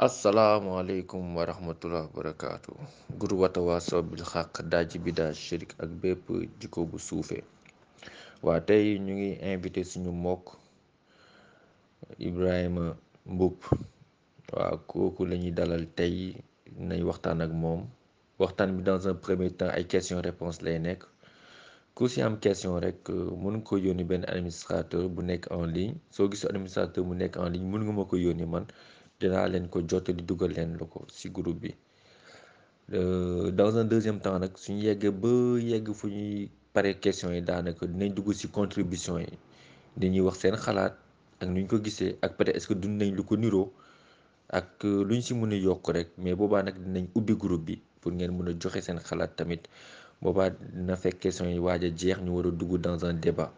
asalaamualeykum wa rahmatullah wa barakaatu gur watawaaso bil xaq dajj bida shirik ak bépp jikko bu suufee waa tey ñu ngi invité suñu mbokk Ibrahima Mboup waa kooku la ñuy dalal tey nañu waxtaan ak moom waxtaan bi dans un premier temps ay question réponse lay nekk ku si am question rek euh, mën nga ko yónni benn administrateur bu nekk en ligne soo gisee administrateur bu nekk en ligne mën nga ma ko yónni man dinaa leen ko jottali dugal leen la ko si groupe bi euh, dans un deuxième temps nag suñu yeggee ba yegg fu ñuy pare questions yi daanaka dinañ dugg si contribution yi dañuy wax seen xalaat ak nu ko gisee ak peut-être est-ce que dund nañ lu ko niroo ak euh, luñ ñu si mën a yokk rek mais boobaa nag dinañ ubbi groupe bi pour ngeen mën a joxe seen xalaat tamit boobaa dina fekk question yi waaj a jeex ñu war a dugg dans un débat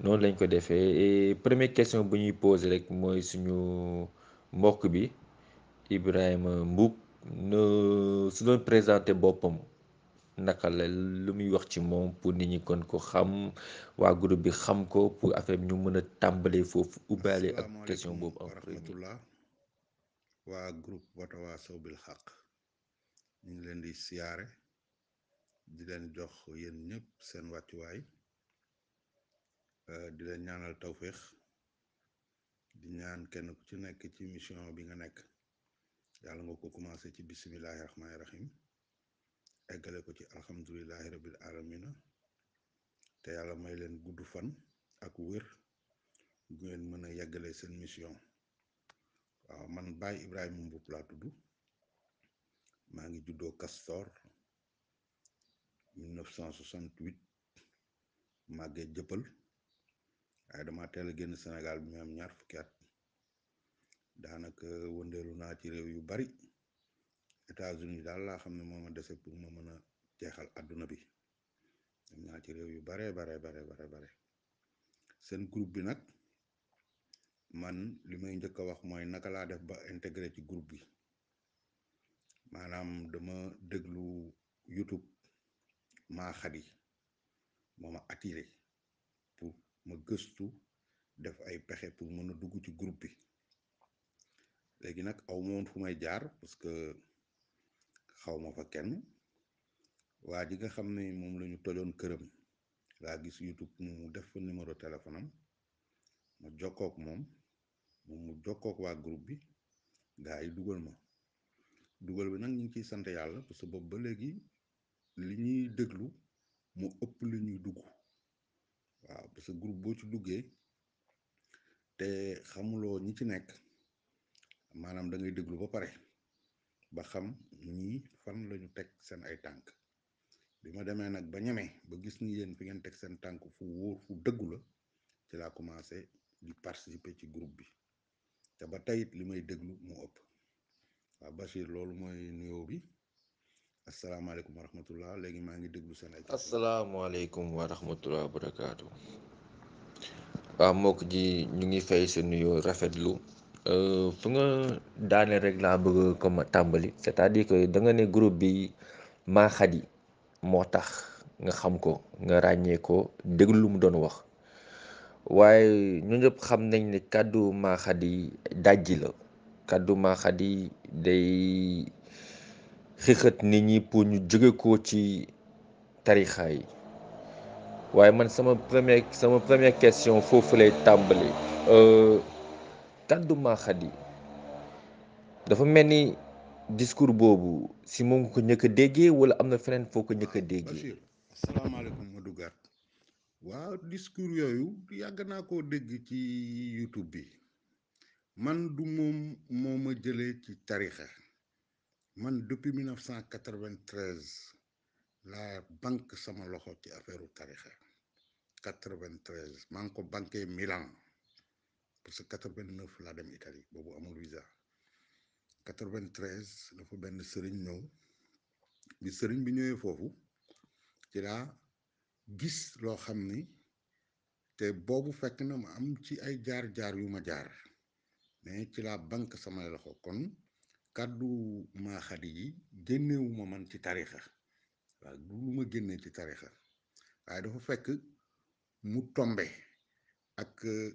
noonu lañ ko defee et première question bu ñuy posé rek mooy suñu mbokk bi Ibrahima Mboup na su doon présenté boppam naka la lu muy wax ci moom pour nit ñi kon ko xam waa groupe bi xam ko pour affaire bi ñu mën a tàmbalee foofu ubbaale ak question boobu en premier waa groupe Watawasaw bil Haq ñu ngi leen di siyaare di leen jox yéen ñëpp seen wàccuwaay euh, di leen ñaanal tawféex di ñaan kenn ku ci nekk ci mission bi nga nekk yàlla nga ko commencé ci bisimilahi rahmaani rahim eggale ko ci alhamdulilahi rabil alamina te yàlla may leen gudd fan ak wér gu ngeen mën a yeggale seen mission waaw man Baye Ibrahima Mboup laa maa ngi juddoo Castor 1968 màggee jëppal waaye dama teel a génn Sénégal bi mu am ñaar fukki at daanaka wëndeelu naa ci réew yu bari États-Unis daal laa xam ne moo ma desee pour ma mën a jeexal àdduna bi dem naa ci réew yu bare bare bare bare bare seen groupe bi nag man li may njëkk a wax mooy naka laa def ba intégré ci groupe bi maanaam dama déglu YouTube maa xadi moo ma attiré ma gëstu def ay pexe pour mën a dugg ci groupe bi léegi nag aw ma fu may jaar parce que xaw ma fa kenn waa ji nga xam ne moom la ñu tojoon këram laa gis YouTube mu def fa numéro téléphone am ma jokkook moom moom mu jokkook waa groupe bi gaa yi dugal ma dugal bi nag ñu ngi ciy sant yàlla parce que boobu ba léegi li ñuy déglu mu ëpp li ñuy dugg waaw parce que groupe boo ci duggee te xamuloo ñi ci nekk maanaam da ngay déglu ba pare ba xam ñii fan lañu teg seen ay tànk bi ma demee nag ba ñemee ba gis ni yéen fi ngeen teg seen tànk fu wóor fu dëggu la ci laa commencé di participer ci groupe bi te ba teyit li may déglu mu ëpp waaw Bachir loolu mooy nuyoo bi asalaamaaleykum wa rahmatullah léegi maa ngi déglu seen ay. asalaamaaleykum wa rahmatullah wa mbokk ji ñu ngi fay sa rafet rafetlu. Euh, fu nga daane rek laa bëgg comme tàmbali c'est-à-dire que da ne groupe bi maa moo tax nga xam ko nga ràññee ko déglu lu mu doon wax waaye ñu ñëpp xam nañ ni kàddu maa xadi dajji la kàddu maa day. xixat ni ñi pour ñu jóge ko ci tarixa yi waaye man sama première sama première question foofu lay tàmbali kàddu euh, maaxat dafa mel ni discours boobu si moom ko ñëkk déggee wala am na feneen foo ko ñëkk a déggee. asalaamaaleykum Modou Gart waaw discours yooyu yàgg naa ko dégg ci YouTube bi man du moom moo ma jëlee ci tarixa man depuis 1993 la banque sama loxo ci affaireu u tarixa 93 maa ko banqué Milan parce que 89 la dem Italie bobu amul visa 93 dafa ben serigne ñëw bi serigne bi ñëwee fofu ci la gis lo xamni té bobu fekk na ma am ci ay jaar-jaar yu ma jaar mais ci la banque sama loxo kon kàddu maaxadi yi génnewuma man ci tarixa ma génne ci tarixa waaye dafa fekk mu tombe ak euh,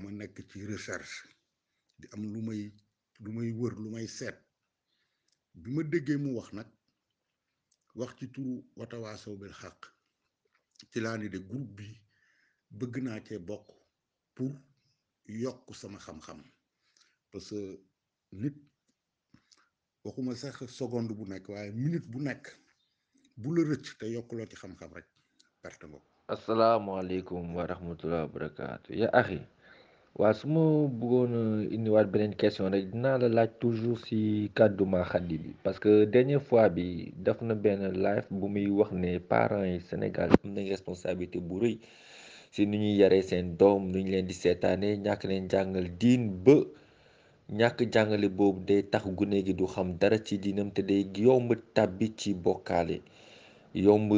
ma nekk ci recherche di am lu may lu may wër lu may seet bi ma déggee mu wax nag wax ci turu watawaasaw bil xaq ci laa ni de groupe bi bëgg naa cee bokk pour yokk sama xam-xam parce nit waxuma sax seconde bu nekk waaye minute bu nekk bu la rëcc te yokkuloo ci xam-xam rek perte nga ko. asalaamaaleykum wa rahmatulah barakaatu ya axi waa su ma bëggoon indiwaat beneen question rek dinaa la laaj toujours si kàddu ma xaddi bi parce que dernière fois bi def na benn live bu muy wax ne parents Sénégal am nañ responsabilité bu rëy si nu ñuy yaree seen doom nu ñu leen di seetaanee ñàkk leen jàngal diin ba. ñàkk jàngale boobu day tax gune gi du xam dara ci diinam te day yomb tàbbi ci bokkaale yomb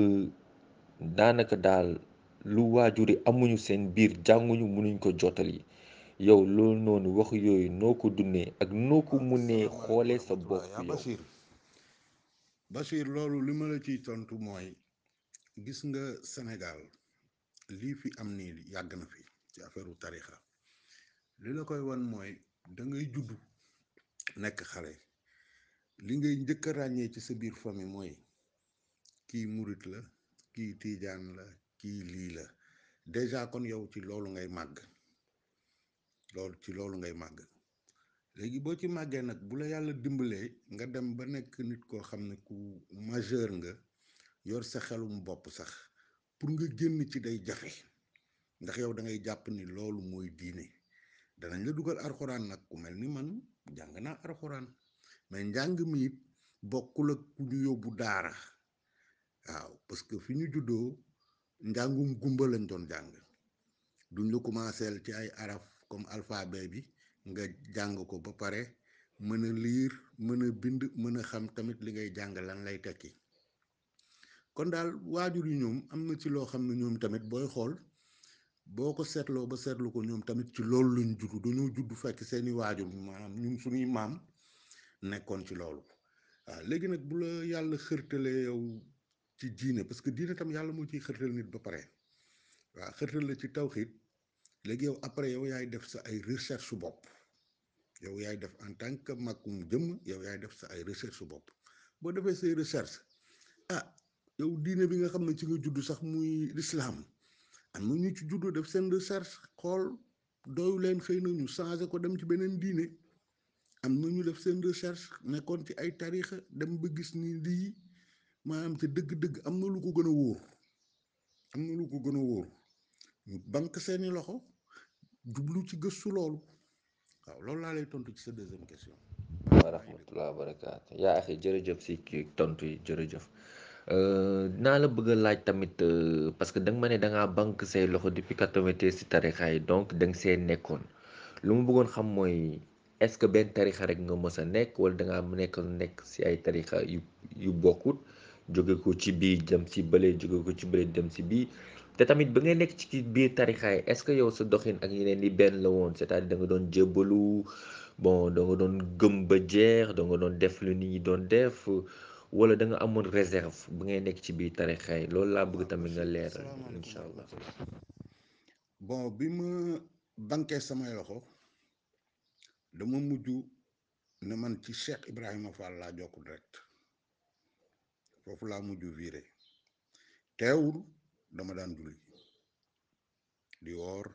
daanaka daal lu waajuri amuñu seen biir jànguñu mënuñ ko jottali yow loolu noonu wax yooyu noo ko dundee ak noo ko munee xoolee sa bopp yow Bachir loolu li ma la ciy tontu mooy gis nga senegal lii fi am nii yàgg na fi ci affaire tarixa li la koy wan mooy dangay ngay judd nekk xale li ngay njëkk a ràññee ci sa biir famille mooy kii murit la kii tiijaan la kii lii la déjà kon yow ci loolu ngay màgg loolu ci loolu ngay màgg léegi boo ci màggee nag bu la yàlla dimbalee nga dem ba nekk nit koo xam ne ku majeur nga yor sa xelum bopp sax pour nga génn ci day jafe ndax yow dangay jàpp ni loolu mooy diine danañ la duggal alxuraan nak ku melni ni man jang na alxuraan mais jang mi it bokkul ak ku ñu yóbbu dara waaw parce que fi ñu juddoo gumba lañ doon jang duñ lu commencer ci ay araf comme alphabet bi nga jang ko ba paré mëna lire mëna bind mëna xam tamit li ngay jang lan lay tekki kon dal wajur ñoom amna ci lo ñoom tamit boy xol boo ko seetloo ba seetlu ko ñoom tamit ci loolu lañ juddu dañoo juddu fekk seeni waajur maanaam ñun suñuy maam nekkoon ci loolu waaw léegi nag bu la yàlla xërtalee yow ci diine parce que diine tam yàlla moo ciy xërtal nit ba pare waaw xërtal la ci tawxiid léegi yow après yow yaay def sa ay recherche su bopp yow yaay def en tant que màkkum jëmm yow yaay def sa ay recherche su bopp boo defee say recherche ah yow diine bi nga xam ne ci nga juddu sax muy lislaam am na ñu ci juddoo def seen recherche xool doyu leen xëy nañu ñu ko dem ci beneen diine am na ñu def seen recherche nekkoon ci ay tarixa dem ba gis ni lii maanaam te dëgg-dëgg am na lu ko gën a wóor am na lu ko gën a wóor ñu banque seeni loxo jublu ci gëstu loolu waaw loolu laa lay tontu ci sa deuxième question. wa rahmatulah wa barakaatu yaa axi jërëjëf si kii tontu yi jërëjëf. Euh, naa la bëgg a laaj tamit euh, parce que da nga ma ne da ngaa banque say loxo depuis quatre vingt si tarixa yi donc danga seen nekkoon lu ma bëggoon xam mooy est-ce que benn tarixa rek nga mës a nekk wala da ngaa nekk nekk si ay tarixa yu yu bokkut jóge ko ci bii dem si bële jóge ko ci bële dem si bii te tamit ba ngay nekk ci biir tarixa yi est-ce que yow sa doxin ak yeneen ni benn la woon cest à da nga doon jébbalu bon da doon gëm ba jeex da doon def lu nit ñi doon def. wala da nga amoon réserve bu ngay nekk ci biir tarixa yi loolu laa bëgg tamit nga leeral incha allah bon bi ma bankee sama loxo dama mujj ne man ci Cheikh Ibrahima Fall laa jokk direct foofu laa mujj viré teewul dama daan julli di woor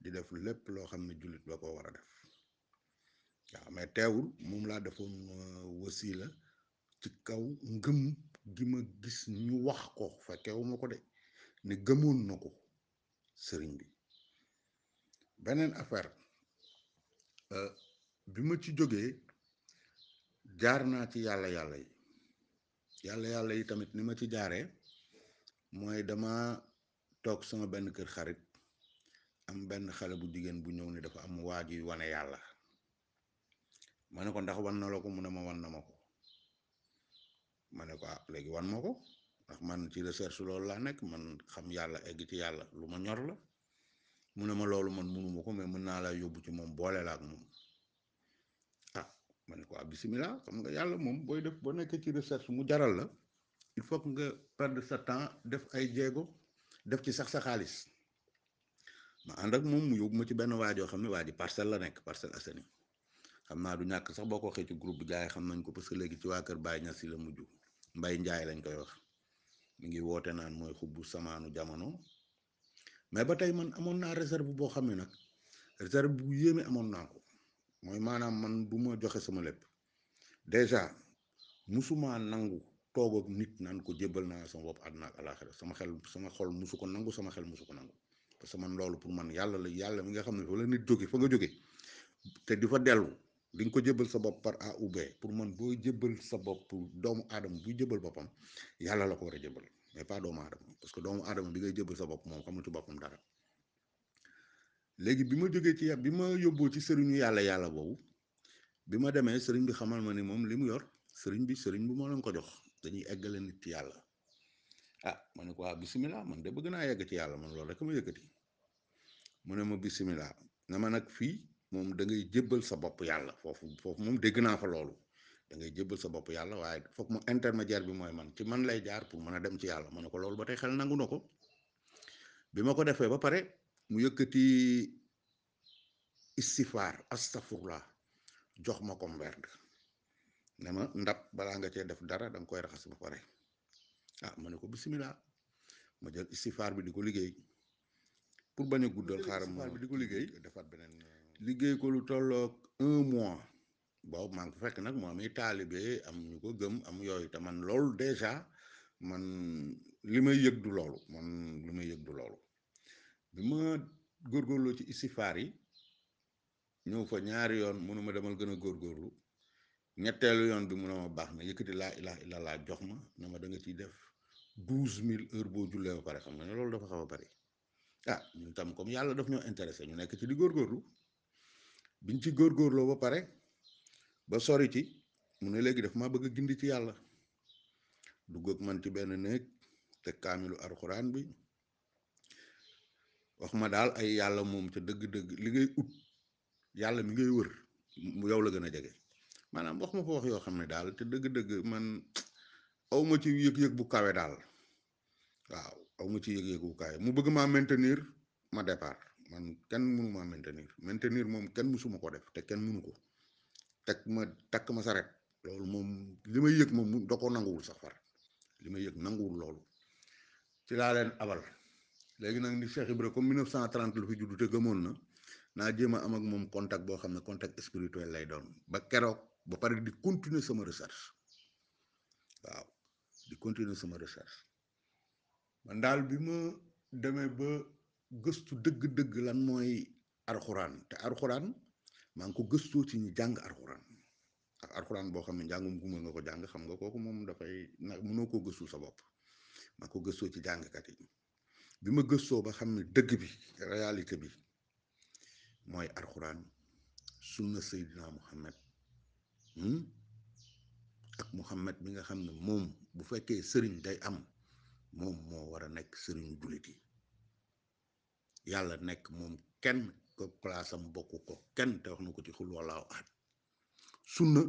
di def lépp loo xam ne jullit ba ko war a def waaw mais teewul moom laa defoon euh, wasila la ci kaw ngëm gi ma gis ñu wax ko fekkewuma ko de ne gëmoon na ko sëriñ bi beneen affaire euh, bi ma ci jógee jaar naa ci yàlla yàlla yi yàlla yàlla yi tamit ni ma ci jaaree mooy dama toog sama benn kër xarit am benn xale bu jigéen bu ñëw ni dafa am waajuy wane yàlla ma ne ko ndax wan na la ko mu ne ma wan na ma ko ma ne ko ah léegi wan ma ko ndax man ci recherche loolu laa nekk man xam yàlla egg eh, ci gitu yàlla lu ma ñor la mu ne ma loolu man munuma ko mais mën naa laa yóbbu ci moom boole la ak moom ah ma ne ko ah bisimilah xam nga yàlla moom booy def boo nekkee ci recherche mu jaral la il faut que nga perdre sa temps def ay jéego def ci sax sa xaalis ma ànd ak moom mu yóbbu ma ci benn waa joo xam ne waa ji parcelle la nekk parcelle assani xam naa du ñàkk sax boo ko waxee ci groupe bi gars yi xam nañ ko parce que léegi ci waa kër Baye Niass la mujj mbay njaay lañ koy wax mi ngi woote naan mooy xubu samaanu jamono mais ba tey man amoon naa réserve boo xamee nag réserve bu yéeme amoon naa mooy maanaam man bu ma joxe sama lépp déjà musuma nangu toog ak nit naan ko jébbal naa sama bopp àdduna ak àllaaxira sama xel sama xol musu ko nangu sama xel musu ko nangu parce que man loolu pour man yàlla la yàlla mi nga xam ne fa la nit jóge fa nga jóge te di fa dellu di nga ko jëbël sa bopp par A ou B pour man boo jëbël sa bopp doomu aadama bu jëbël boppam yàlla la ko war a jëbal mais pas doomu adam parce que doomu aadama bi ngay jëbël sa bopp moom xamatu bima boppam dara léegi bi ma jógee ci ya, bi ma yóbboo ci sëriñu yàlla yàlla boobu bi ma demee sëriñ bi xamal ma ni moom li yor sëriñ bi sëriñ bi moo leen ko jox dañuy eggale nit ah ma ne ko waa ah, bisimilah man de bëgg naa yegg ci yàlla man loolu rek ma yëkkati mu ne ma bisimilah na ma nag mom da ngay jébbal sa bop yalla fofu fofu mom dégg na fa loolu da ngay jébbal sa bop yalla waye foog mu intermédiaire bi moy man ci man lay jaar pour mëna dem ci yalla mané ko loolu batay xel nangu na ko ko ba pare mu yëkëti istighfar astaghfirullah jox mako ko mberd ndap bala nga ci def dara dang koy raxas ba paré ah mané ko bismillah ma jël istighfar bi diko liggéey pour guddal bi liggéey ko lu tollook un mois boobu maa ngi fekk nag moo ami taalibe am ñu ko gëm am yooyu te man loolu déjà man li may yëg du loolu man li may yëg du loolu bi ma góorgóorloo ci istifaar yi ñëw fa ñaari yoon mun mënuma demal gën a góorgóorlu ñetteelu yoon bi mënuma baax na yëkkati laa ilaha laa jox ma ne ma da nga ciy def douze mille heures boo jullee ba pare xam nga ne loolu dafa xaw a bari ah ñu tam kom yàlla def ñoo intéressé ñu nekk ci di góorgóorlu biñ ci góor góorloo ba pare ba sori ci mu ne léegi daf ma bëgg a gindi ci yàlla dugg man ci benn néeg te kaamilu alxuraan bi wax ma daal ay yàlla moom ca dëgg-dëgg li ngay ut yàlla mi ngay wër mu yow la gën a jege maanaam wax ma ko wax yoo xam ne daal te dëgg-dëgg man aw ma ci yëg-yëg bu kawe daal waaw aw ma ci yëg-yëg bu kawe mu bëgg maa maintenir ma départ. man kenn ma maintenir maintenir mom kenn musu mako def te kenn mënu ko teg ma tak ma saret loolu moom li may yëg moom da ko nanguwul sax far limay yek nangul lolou ci la len abal legui nak ni Cheikh Ibra comme 1930 fi judd te gemon na na jema am ak mom contact bo xamne contact spirituel lay doon ba ba pare di continuer sama recherche waaw di continuer sama recherche man dal bima ma ba gëstu dëgg-dëgg lan mooy arxuraan te arxuraan maa ngi ko gëstu ci ñu jàng arxuraan ak arxuraan boo xam ne njàngum guma nga ko jàng xam nga kooku moom dafay na mënoo koo gëstu sa bopp ko gëstu ci jàngkat yi bi ma gëstoo ba xam ne dëgg bi réalité bi mooy arxuraan sunna Seydina Muhammad hmm? ak Muhammad bi nga xam ne moom bu fekkee sëriñ day am moom moo war a nekk sëriñu jullit yalla nek mom ken ko place am bokku ko ken te wax ko ci khul wallahu ahad sunna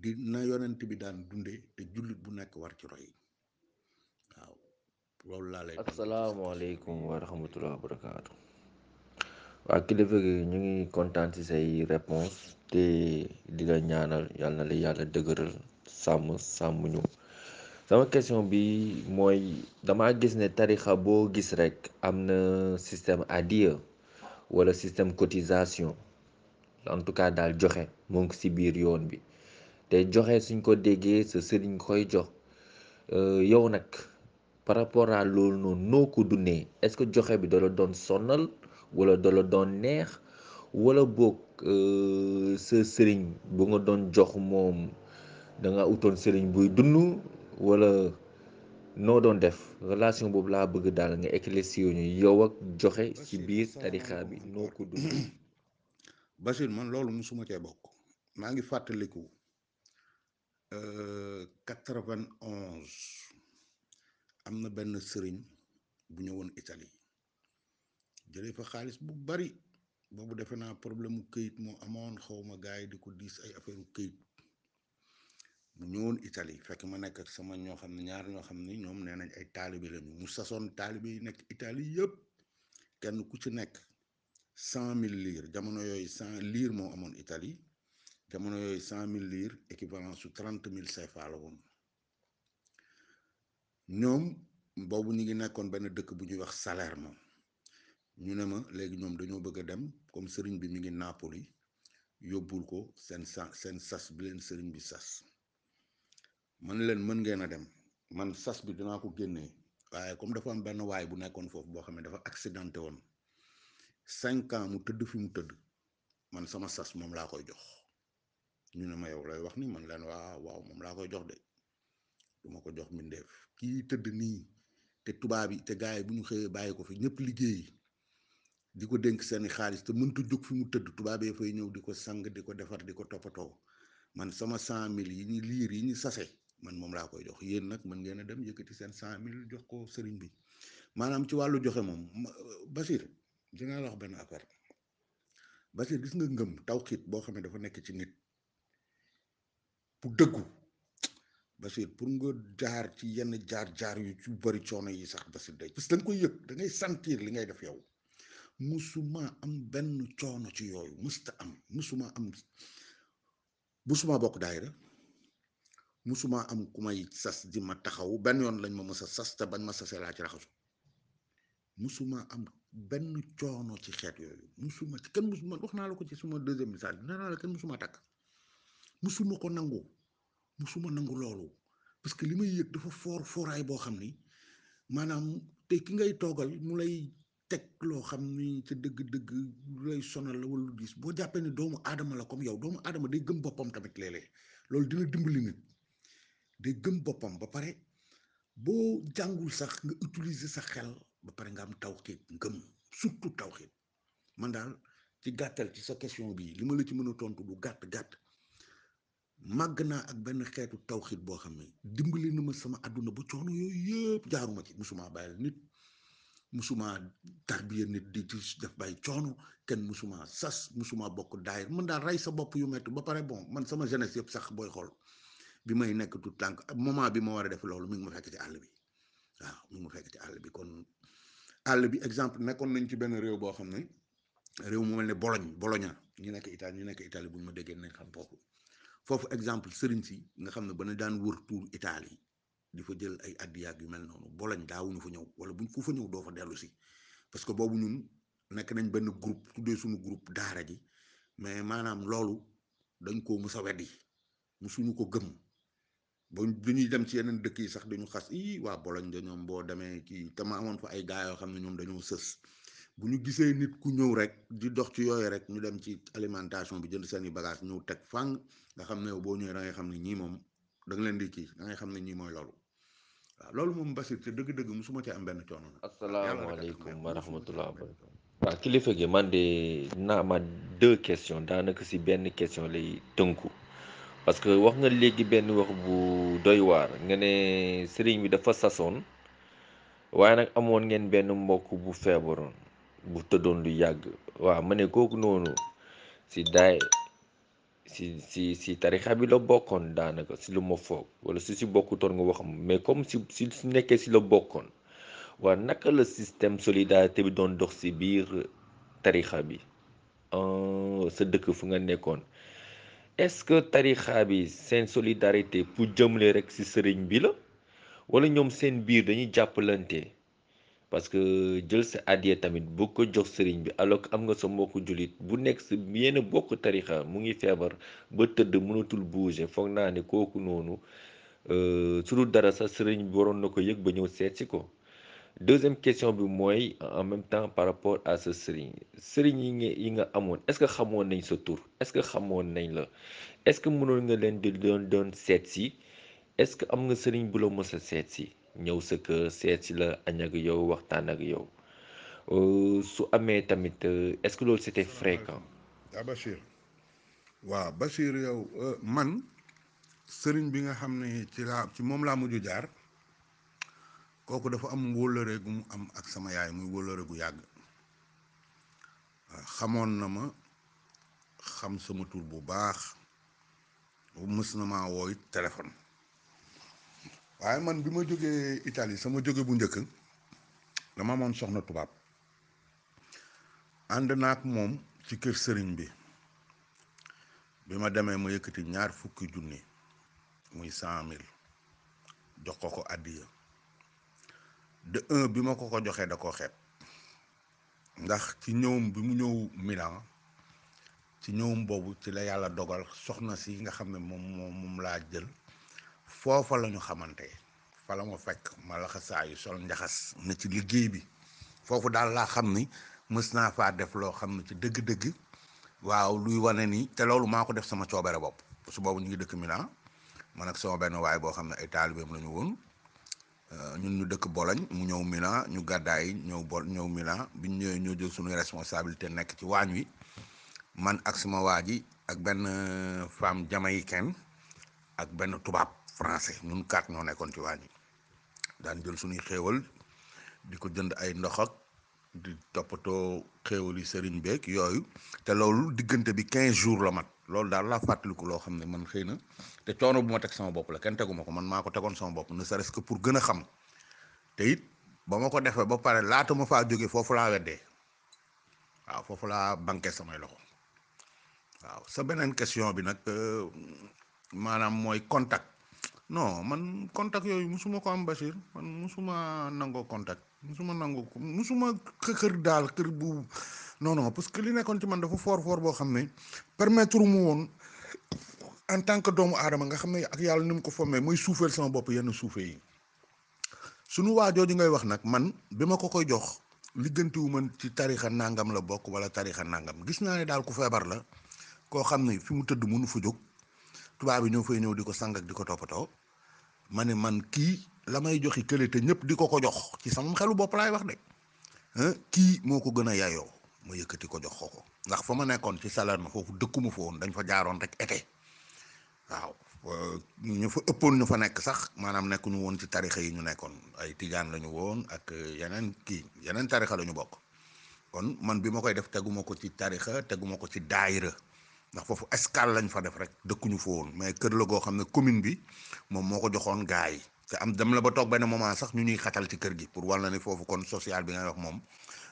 di na yonent bi daan dunde te julit bu nek war ci roy waaw loolu la lay alaykum wa rahmatullahi wa barakaatu waa kilifa gi ñu ngi kontaan ci say réponse té di la ñaanal yalla na la yalla dëgëral sam sam ñu sama question bi mooy dama gis ne tarixa boo gis rek am na système adiya wala système cotisation en tout cas daal joxe moo ngi ci biir yoon bi te joxe suñ ko déggee sa sëriñ koy jox euh, yow nag par rapport à loolu noonu noo ko dundee est-ce que joxe bi dala doon sonnal wala dala doon neex wala boog euh, sa sëriñ bu nga doon jox moom da utoon sëriñ buy dund wala nodon def relation boobu la bëgg dal nga éclaircir ñu yow ak joxe ci biir tarixa bi noo ko dund man loolu musuma cee bokk maa ngi fàttaliku euh 91 onze am na benn sëriñ bu ñëwoon Italie jëlee fa xaalis bu bari boobu defe naa problème mu këyit moo amoon xaw ma gars yi di ko diis ay affaire këyit mu ñëwoon Italie fekk ma nekk sama ñoo xam ne ñaar ñoo xam ne ñoom nee nañ ay taalibe lañu mu sasoon taalibe yi nekk Italie yëpp kenn ku ci nekk cent mille lire jamono yooyu cent lire moo amoon Italie jamono yooyu cent mille lire équivalent su trente mille CFA la woon ñoom boobu ñu ngi nekkoon benn dëkk bu ñuy wax Salerno ñu ne ma léegi ñoom dañoo bëgg a dem comme sëriñ bi mu ngi Napoli yóbbul ko seen sa seen sas bi leen sëriñ bi sas. man leen mën ngeen a dem man sas bi dinaa ko génnee waaye comme dafa am benn waay bu nekkoon foofu boo xam ne dafa accidenté woon cinq ans mu tëdd fi mu tëdd man sama sas moom laa koy jox ñu ne yow lay wax ni man leen waaw waaw moom laa koy jox de du ko jox mbindeef kii tëdd nii te tubaab yi te gars yi bu ñu xëyee bàyyi ko fi ñëpp liggéey di ko dénk seeni xaalis te mëntu jóg fi mu tëdd tubaab yi fay ñëw di ko sang di ko defar di ko toppatoo man sama cent mille yi ñu liir yi ñu sasee man moom laa koy jox yéen nag mën ngeen a dem yëkkati seen cent mille jox ko sëriñ bi maanaam ci wàllu joxe moom Basir dinaa la benn affaire Basir gis nga ngëm tawxiit boo xam ne dafa nekk ci nit bu dëggu Basir pour nga jaar ci yenn jaar jaar yu ci bari coono yi sax Basir day parce que da nga koy yëg da ngay sentir li ngay def yow musuma am benn coono ci yooyu musta am musuma am musuma bokk daayira musuma am ku may sas di ma taxaw benn yoon lañ ma mës a sas te bañ ma sasee laa ci raxasu musuma am benn coono ci xeet yooyu musuma ci kenn musuma wax naa la ko ci suma deuxième message nee naa la kenn musuma takk musuma nangu musuma nangu loolu parce que li may yëg dafa foor fooraay boo xam ni maanaam te ki ngay toogal mu lay teg loo xam ni ca dëgg-dëgg lu lay sonal la wala lu gis boo jàppee ne doomu aadama la comme yow doomu aadama day gëm boppam tamit léeg loolu dina dimbali nit day gëm boppam ba pare boo jàngul sax nga utiliser sa xel ba pare nga am tawxiit ngëm surtout tawxiit man daal ci gàttal ci sa question bii li ma la ci mën a tontu bu gàtt gàtt màgg naa ak benn xeetu tawxiit boo xam ne dimbali na ma sama àdduna bu coono yooyu yëpp jaaruma ci musuma bàyyil nit musuma tarbiya nit di di def bàyyi coono kenn musuma sas musuma bokk daayir man daal rey sa bopp yu metti ba pare bon man sama jeunesse yëpp sax booy xool bi may nekk tout tànk moment bi ma war a def loolu mi ngi ma fekk ci àll bi waaw mi ngi ma fekk ci àll bi kon àll bi exemple nekkoon nañ ci benn réew boo xam ne réew mu mel ne Bologne Bologna ñu nekk Italie ñu nekk Italie bu ñu ma déggee nañ xam foofu foofu exemple sëriñ si nga xam ne ba na daan wër tuur Italie di fa jël ay addiyaag yu mel noonu Bologne daawuñu fa ñëw wala buñ ku fa ñëw doo fa dellu si parce que boobu ñun nekk nañ benn groupe tuddee suñu group daara ji mais maanaam loolu dañ koo mus a weddi musuñu ko gëm bu ñuy dem ci yeneen dëkk yi sax dañu xas i waa boloñ dañoo boo demee kii te ma amoon fa ay gaa yoo xam ne ñoom dañoo sës bu ñu gisee nit ku ñëw rek di dox ci yooyu rek ñu dem ci alimentation bi jënd seen i bagage ñëw teg fang nga xam ne boo ñëwee da ngay xam ne ñii moom da nga leen di kii da ngay xam ne ñii mooy loolu waaw loolu moom basir te dëgg-dëgg musuma ci am benn coono nag asalaamaaleykum wa rahmatullah waaw kilifa gi man de naa ma deux questions daanaka si benn question lay tënku parce que wax nga léegi benn wax bu doy waar nga ne sëriñ bi dafa sasoon waaye nag amoon ngeen benn mbokk bu feebaroon bu tëddoon lu yàgg waa ma ne kooku noonu si daay si si si tarixa bi la bokkoon daanaka si lu ma foog wala si si bokkutoon nga wax mais comme si si su nekkee si la bokkoon waa naka la système solidarité bi doon dox si biir tarixa bi ah, sa dëkk fu nga nekkoon est-ce que tarixa bi seen solidarité pour jëmale rek ci sëriñ bi la wala ñoom seen biir dañuy jàppalante parce que jël sa àddiya tamit bu ko jox sëriñ bi alors am nga sa mbokku jullit bu nekk si yenn bokk tarixa mu ngi feebar ba tëdd mënatul bouger foog naa ne kooku noonu euh, su dul dara sa sëriñ bi waroon na ko yëg ba ñëw seet ko. deuxième question bi mooy en même temps par rapport à ce sëriñ sëriñ yi nga yi nga amoon est-ce que xamoon nañ sa tur est-ce que xamoon nañ la est-ce que mënoon nga leen di doon doon seet si est-ce que am nga sëriñ bu la mës a seet si ñëw sa kër seet si la añ ak yow waxtaan ak yow euh, su amee tamit euh, est-ce que loolu c'était fréquent. ah Bachir basir Bachir yow euh, man sëriñ bi nga xam ne ci laa ci moom laa mujj jaar. kooku dafa am wóllëre gu mu am ak sama yaay muy wóllëre gu yàgg euh, xamoon na ma xam sama tur bu baax mës na maa woo it waaye man bi ma jógee Italie sama jóge bu njëkk dama amoon soxna tubaab ànd naak moom ci kër sëriñ bi bi ma demee ma yëkkati ñaar fukki junni muy cent mille jox ko ko addiya de un bi ma ko ko joxee da koo xeeb ndax ci ñëwum bi mu ñëw Milan ci ñëwum boobu ci la yàlla dogal soxna si nga xam ne moom moom moom laa jël foofa la ñu xamante fa la ma fekk ma laxasaayu sol njaxas na ci liggéey bi foofu daal laa xam ni mës naa faa def loo xam ne ci dëgg-dëgg waaw luy wane ni te loolu maa ko def sama coobere bopp su boobu ñu ngi dëkk Milan man ak sama benn waaye boo xam ne ay taalibeem la ñu woon Euh, ñun ñu dëkk Bologne mu ñëw Milan ñu gàddaay ñëw Bol ñëw Milan biñ ñëwee ñoo jël suñu responsabilité nekk ci waañ wi man ak suma waa ji ak benn euh, femme jamaïcaine ak benn tubaab français ñun kaat ñoo nekkoon ci waañ wi daan jël suñuy xéewal di ko jënd ay ndox ak di toppatoo xéewali sëriñ beeg yooyu te loolu diggante bi 15 jours la mat loolu daal laa fàttaliku loo xam ne man xëy na te coono bu ma teg sama bopp la kenn teguma ko man maa ko tegoon sama bopp ne serait-ce que pour a xam te ma ko defee ba pare laata ma faa jóge foofu laa weddee waaw foofu laa banqué samay loxo waaw sa beneen question bi nag euh, maanaam mooy contact non man contact yooyu musuma ko am Bachir man musuma nangoo contact. musuma nangu ko musuma kër daal kër bu non non parce que li nekkoon ci man dafa foor foor boo xam ne permettre mu woon en tant que doomu aadama nga xam ne ak yàlla ni mu ko formé muy suufeel sama bopp yenn suufee yi sunu waa jooju ngay wax nag man bi ma ko koy jox liggantiwu man ci tarixa nangam la bokk wala tarixa nangam gis naa ne daal ku feebar la koo xam ne fi mu tëdd mënu fa jóg tubaab yi ñoo fay ñëw di ko sang di ko toppatoo ma ne man lamay may joxi kële te ñep di ko jox ci sama xelu bop lay wax de hein ki moko gëna yaayo mo yëkëti ko jox xoko ndax fama nekkon ci salaan foofu dekkuma fo won dañ fa jaaroon rek été waaw euh, ñu fa ëppoon ñu fa nekk sax nekk ñu won ci tarixa yi ñu nekkon ay tijaan lañu won ak yenen ki yenen tarixa lañu bok kon man bi koy def teguma ko ci tarixa teguma ko ci daaira ndax fofu escale lañ fa def rek dëkkuñu fo won mais kër la go xamne commune bi mom moko ko joxoon te am dem la ba tok ben moment sax ñu ñuy xatal ci kër gi pour wal na ni fofu kon social bi nga wax moom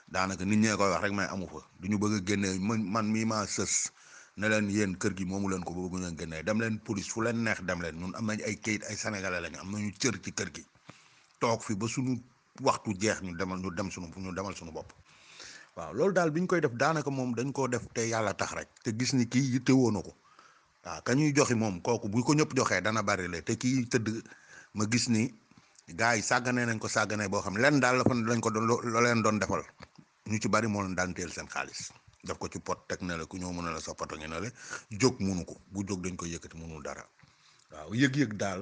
daanaka nit ñe koy wax rek may amu fa duñu bëgg a man mi ma sës na leen yeen kër gi momu leen ko bëgg ñu génne dem leen police fu leen neex dem leen ñun am nañ ay kayit ay sénégalais lañu am nañu cër ci kër gi tok fi ba suñu waxtu jeex ñu demal ñu dem suñu ñu demal suñu bop waaw lool daal biñ koy def daanaka mom dañ ko def te yalla tax rek te gis ni ki yitté wonako ko kañuy joxi mom koku bu ko ñëpp joxee dana bari le te ki teud ma gis ni gars yi sàgganee nañ ko sàgganee boo xam ne lenn daal la fa lañ ko doon loo leen doon defal ñu ci bari moo leen daan teel seen xaalis daf ko ci pot teg na la ku ñëw mën a la sa poto nge ne la jóg munu ko bu jóg dañ ko yëkkati munul dara waaw yëg-yëg daal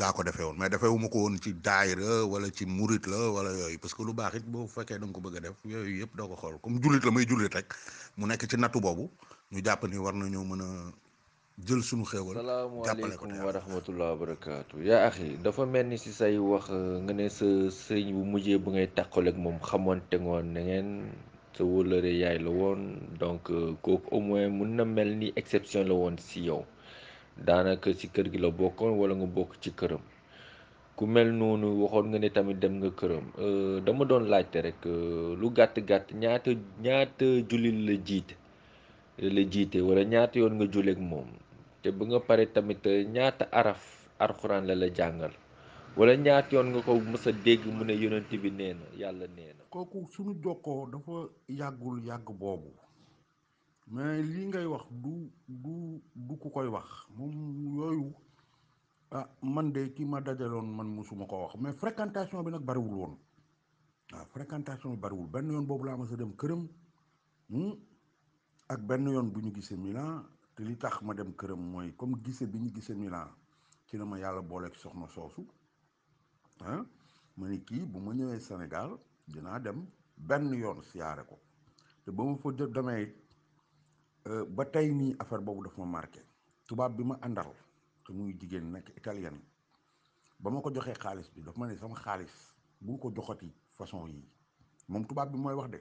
laa ko defee woon mais defewuma ko woon ci daayira wala ci murit la wala yooyu parce que lu baax it boo fekkee da nga ko bëgg a def yooyu yëpp doo ko xool comme jullit la may jullit rek mu nekk ci nattu boobu ñu jàpp ni war nañoo mën a jël sunu xéewal jàppale ko salaamaaleykum wa rahmatulah wa barakaatu yaa axi dafa mel ni si say wax nga ne sa sëriñ bu mujjee bu ngay tàqale ak moom xamante ngoon na ngeen sa wóllëre yaay la woon donc euh, kooku au moins mun na mel ni exception la woon si yow daanaka si kër gi la bokkoon wala nga bokk ci këram ku mel noonu waxoon nga ne tamit dem nga këram euh, dama doon laajte rek euh, lu gàtt gàtt ñaata ñaata jullit la jiite la jiite wala ñaata yoon nga julleek moom. te bunga nga paré tamit ñaata araf alquran la la jangal wala nyaat yon nga ko musa deg mu ne yonent bi neena yalla neena koku suñu jokkoo dafa yagul yag bobu mais li ngay wax du du du ku koy wax mom yoyu ah man de ki ma dajalon man musuma ko wax mais fréquentation bi bari wul won ah fréquentation bi wul ben yon bobu la ma sa dem hmm ak ben yon buñu ñu milan te li tax ma dem këram mooy comme gise bi ñu gise Milan ci la ma yàlla booleeg soxna soosu ah ma ni kii bu ma ñëwee Sénégal dinaa dem benn yoon siyaare ko te ba ma fa jot demee euh, ba tey nii affaire boobu daf ma marqué tubaab bi ma àndal te muy jigéen nekk italienne ba ma ko joxee xaalis bi daf ma ne sama xaalis bu ko joxati façon yi moom tubaab bi mooy wax de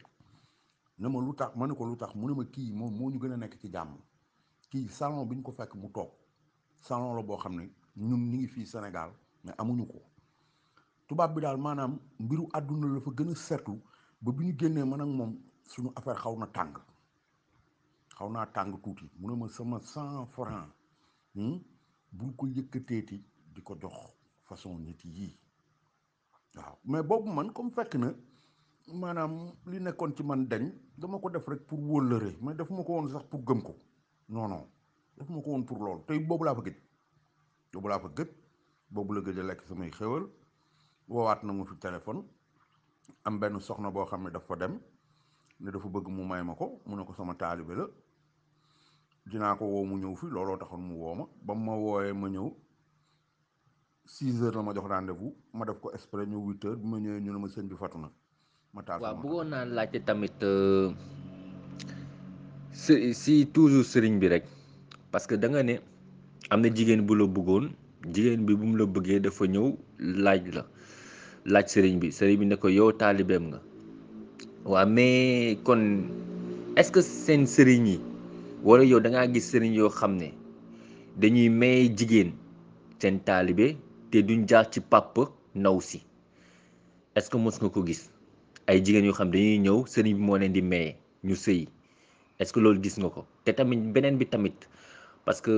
ne ma lu tax ma ne ko lu tax mu ne ma kii moom moo ñu gën a nekk ci jàmm kii salon bi ñu ko fekk mu toog salon la boo xam ne ñun ñu ngi fii Sénégal mais amuñu ko tubaab bi daal maanaam mbiru àdduna la fa gën a seetlu ba bi ñu génnee man ak moom suñu affaire xaw na tàng xaw naa tàng tuuti mu ne ma sama cent franc hmm, bul ko yëkkateeti di ko jox façon nit yii waaw mais boobu man comme fekk na maanaam li nekkoon ci man deñ dama ko def rek pour wóllëre mais def ma ko woon sax pour gëm ko non non ma ko woon pour lool tey boobu laa fa gëj boobu laa fa gëj boobu la gëj a lekk samay xéwal woowaat na mu fi téléphone am benn soxna boo xam ne daf fa dem ne dafa bëgg mu may ma ko mu ne ko sama taalibe la dinaa ko woo mu ñëw fi looloo taxoon mu woo ma ba ma wooyee ma ñëw six heures la ma jox rendez-vous ma def ko exprès ñëw huit bi ma ñëwee ñu ne ma sëñ bi fatu na ma taal waaw bëggoon naa tamit euh, si si toujours sëriñ bi rek parce que da nga ne am na jigéen bu la bëggoon jigéen bi bu mu la bëggee dafa ñëw laaj la laaj sëriñ bi sëriñ bi ne ko yow taalibeem nga waa mais kon est-ce que seen sëriñ yi walla yow da ngaa gis sëriñ yoo xam ne dañuy may jigéen seen taalibe te duñ jaar ci pàpp ndaw si est-ce que mos nga ko gis ay jigéen yoo xam dañuy ñëw sëriñ bi moo leen di maye ñu sëy est-ce que loolu gis nga ko te tamit beneen bi tamit parce que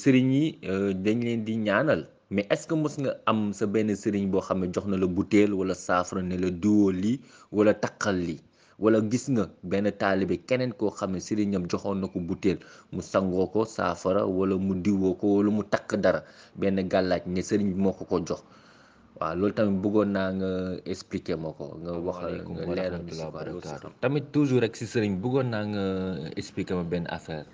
sëriñ yi euh, dañ leen di ñaanal mais est-ce que mës nga am sa benn sëriñ boo xam ne jox na la butéel wala saafara ne la diwoo lii wala taqal li wala gis nga benn taalibe keneen koo xam ne sëriñam joxoon na ko butéel mu sangoo ko saafara wala mu diwoo ko wala mu takk dara benn gàllaaj ne sëriñ bi moo ko ko jox waa loolu tamit bëggoon naa nga expliquer ma ko nga wax nga leeral ñu si tamit toujours rek si sëriñ bëggoon naa nga expliquer ma benn affaire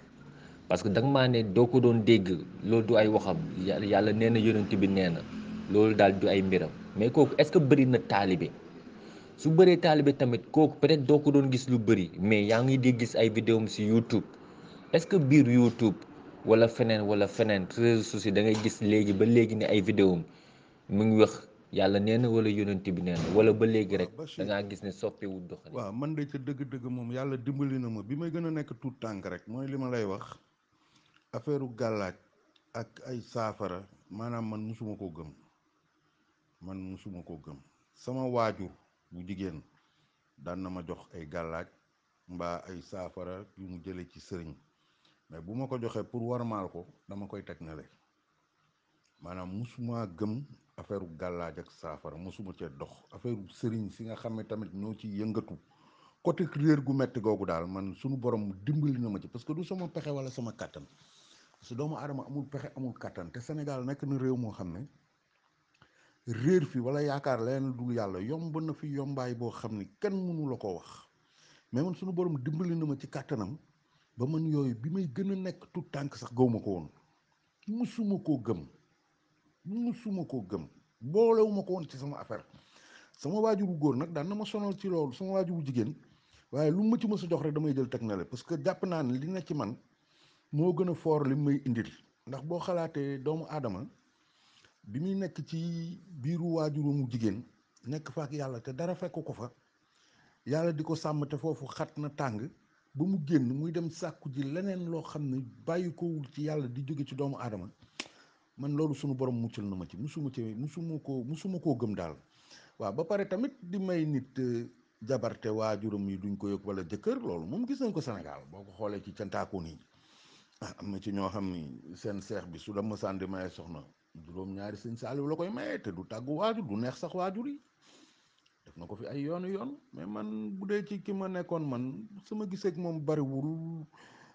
parce que da nga maa ne doo ko doon dégg loolu du ay waxam yàlla nee na yonent bi nee na loolu daal du ay mbiram mais kooku est-ce que bëri na taalibe su bëree taalibe tamit kooku peut-être doo ko doon gis lu bëri mais yaa ngi di gis ay vidéo si YouTube est-ce que biir YouTube wala feneen wala feneen réseaux sociaux da ngay gis léegi ba léegi ne ay vidéo mu ngi yàlla nee na wala yonent bi nee na wala ba léegi rek da ngaa gis ne soppewu doxali waaw man de ca dëgg-dëgg moom yàlla dimbali na ma bi may gën a nekk tuut tànk rek mooy li ma lay wax affaire u gàllaaj ak ay saafara maanaam man musuma koo gëm man musuma koo gëm sama waajur bu jigéen daan na ma jox ay gàllaaj mbaa ay saafara yu mu jële ci sëriñ mais bu ma ko joxee pour warmaal ko dama koy teg na maanaam musuma gëm affaire galajak ak safar musuma ci dox affaire serigne si nga xamé tamit ñoo ci yëngatu côté rier gu metti gogu dal man suñu borom dimbali na ma ci parce que du sama pexé wala sama katan su doomu adam amul pexé amul katan te Sénégal nek na rew mo xamné rier fi wala yaakar leneen dul yalla yomb na fi yombaay bo xam kenn mënu la ko wax mais man suñu borom dimbali na ma ci katanam ba man yoy bi may gëna nek tout tank sax gawmako won musuma ko gëm musuma ko gëm boolewuma ko woon ci sama affaire sama waajuru góor nag daan na ma sonal ci loolu sama waajuru jigéen waaye lu ma ci mësa a jox rek damay jël teg na la parce que jàpp naa ne li ci man moo gën a foor li may indil ndax boo xalaatee doomu aadama bi muy nekk ci biiru waajurumu jigéen nekk fa ak yàlla te dara fekk ko fa yàlla di ko sàmm te foofu xat na tàng ba mu génn muy dem sàkku ji leneen loo xam ne bàyyi kowul ci yàlla di jóge ci doomu aadama man lolu suñu borom muccul na ma ci musuma ci musuma ko musuma ko gëm dal wa ba pare tamit di may nit euh, jabarte wajurum yi duñ ko wala jëkër lolu moom gis nañ ko sénégal boko xolé ci cantaakoo ni ah, am na ci ñoo xam ni seen seex bi su la mësaan di soxna juroom ñaari seigne saaliw la koy maye te du tàggu du neex sax def nako fi ay yoon yoon mais man budé ci ki ma nekkon man sama mom bari wul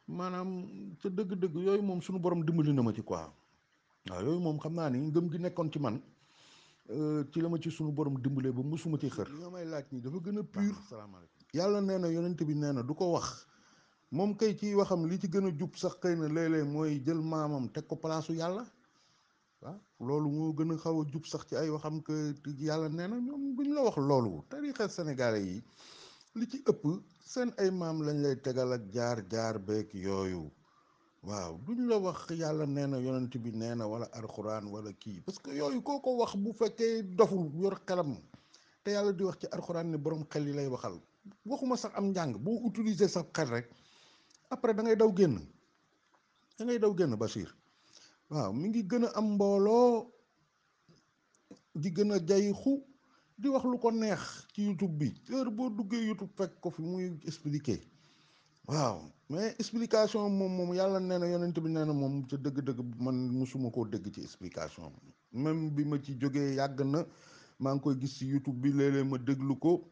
manam ci deug deug yoy mom suñu borom dimbali na ma ci quoi waaw yooyu moom xam naa ni ngëm gi nekkoon ci man euh, ci la ma ci suñu borom dimbalee ba mosuma ci xër. ñoo may laaj ñi dafa gën a pur. salaamaaleykum yàlla nee na yonent bi nee na du ko wax moom kay ci waxam li ci gën a jub sax xëy na léeg-léeg mooy jël maamam teg ko palaasu yàlla waaw loolu moo gën a xaw a jub sax ci ay waxam que yàlla nee na ñoom bu ñu la wax loolu tarixa sénégalais yi li ci ëpp seen ay maam lañ lay tegal ak jaar jaar beeg yooyu. waaw duñ la wax yàlla nee na yonent bi nee na wala alxuraan wala kii parce que yooyu koo ko wax bu fekkee doful yor xelam te yàlla di wax ci alxuraan ni borom xel yi lay waxal waxuma sax am njàng boo utiliser sa xel rek après da ngay daw génn da ngay daw génn Bachir waaw mi ngi gën a am mbooloo di gën a jay jayxu di wax lu ko neex ci YouTube bi heure boo duggee YouTube fekk ko fi muy expliquer waaw. mais explication moom moom yàlla nee na yonent bi nee na moom ca dëgg-dëgg man musuma koo dëgg ci explication même bi ma ci jógee yàgg na maa ngi koy gis ci bi léeg ma déglu ko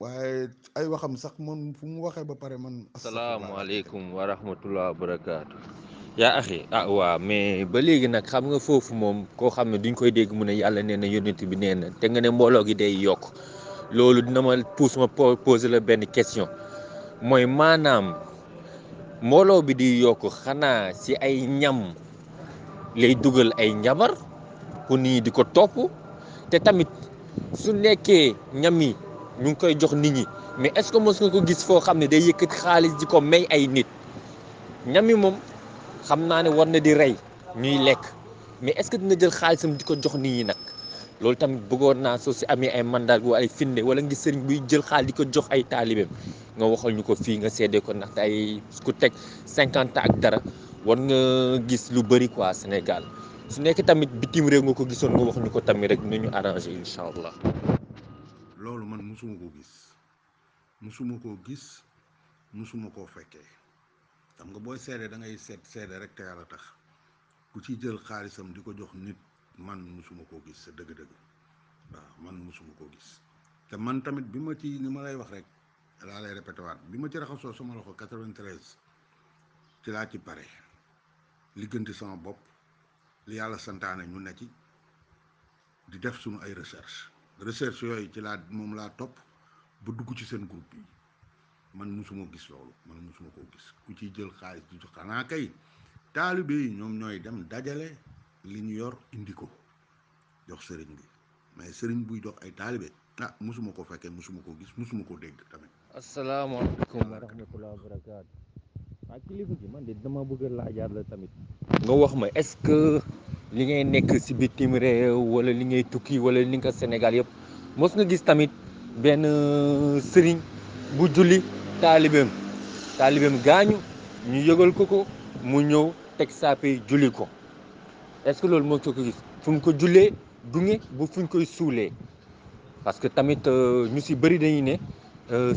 waaye ay waxam sax man fu mu waxee ba pare man. asalaamaaleykum wa rahmatulah wa barakaatu. yaa axi ah waaw mais ba léegi nag xam nga foofu moom koo xam ne duñ koy dégg mu ne yàlla nee na yonent bi nee na te nga ne mbooloo gi day yokk loolu dina ma pousse ma poser la benn question maanaam. mbooloo bi di yokk xanaa ci ay ñam lay dugal ay njabar pour nit ñi di ko topp te tamit su nekkee ñam yi ñu ngi koy jox nit ñi mais est-ce que mos nga ko gis foo xam ne day yëkkati xaalis di ko may ay nit ñam yi moom xam naa ne war na di rey ñuy lekk mais est-ce dina jël xaalisam di ko jox nit ñi nag. loolu tamit bëggoon naa soo si amee ay mandat wala ay finde wala ngi sëriñ buy jël xaal di ko jox ay taalibeem nga waxal ñu ko fii nga seede ko ndaxte ay ku teg cinquante ak dara war nga gis lu bëri quoi Sénégal su nekk tamit bitim réew nga ko gisoon nga wax ñu ko tamit rek nañu arrangé incha allah. loolu man mësuma ko gis musuma koo gis musuma koo fekkee xam nga booy seede da ngay seet seede rek te yàlla tax ku ci jël xaalisam di ko jox nit. man musuma koo gis sa dëgg-dëgg waaw man musuma koo gis te man tamit bi ma ci ni ma lay wax rek laa lay répété waat bi ma ci raxasoo sama loxo 93 ci laa ci pare ligganti sama bopp li yàlla santaane ñu ne ci di def suñu ay recherche recherche yooyu ci laa moom laa topp bu dugg ci seen groupe yi man musuma gis loolu man musuma ko gis ku ciy jël xaalis di xanaa kay taalibe yi ñoom ñooy dem dajale li ñu yor indi ko jox sëriñ bi mais sëriñ buy dox ay taalibe ah musuma ko fekkee musuma ko gis musuma ko dégg tamit. asalaamaaleykum wa rahmatulah wa barakaatu. tamit. nga wax ma est-ce que li ngay nekk si bitim réew wala li ngay tukki wala li nga Sénégal yëpp mos nga gis tamit benn euh, sëriñ bu julli taalibeem taalibeem gaañu ñu yëgal ko ko mu ñëw teg saape julli ko. est-ce que loolu moo ko gis fu ko jullee parce que tamit euh, ñu si bëri dañuy euh,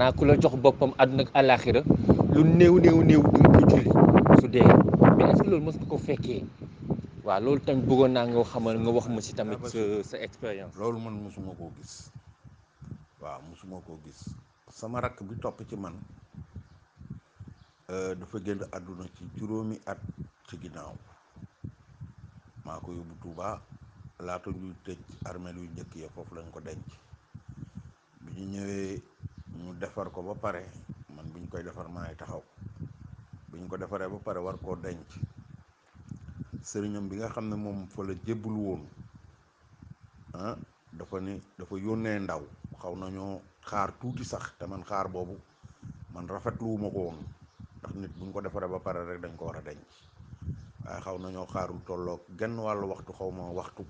ak la jox boppam àdduna ak lu néew néew néew du mais est-ce que loolu ko fekkee waaw loolu tamit bëggoon naa nga xamal nga wax ma euh, expérience. man sama man. Euh, dafa génn àdduna ci juróomi at ci ginnaaw maako yóbbu Touba laata ñuy tëj armeel yu njëkk ya foofu lañ ko denc bi ñu ñëwee ñu defar ko ba pare man bi ñu koy defar maay taxaw bi ñu ko defaree ba pare war koo denc sëriñam bi nga xam ne moom fa la jébbul woon ah dafa ni dafa yónnee ndaw xaw nañoo xaar tuuti sax te man xaar boobu man rafetluwuma ko woon ndax nit buñ ko defaree ba pare rek dañ ko war a denc waaye xaw na nañoo xaaru tollook genn wàllu waxtu xaw ma waxtu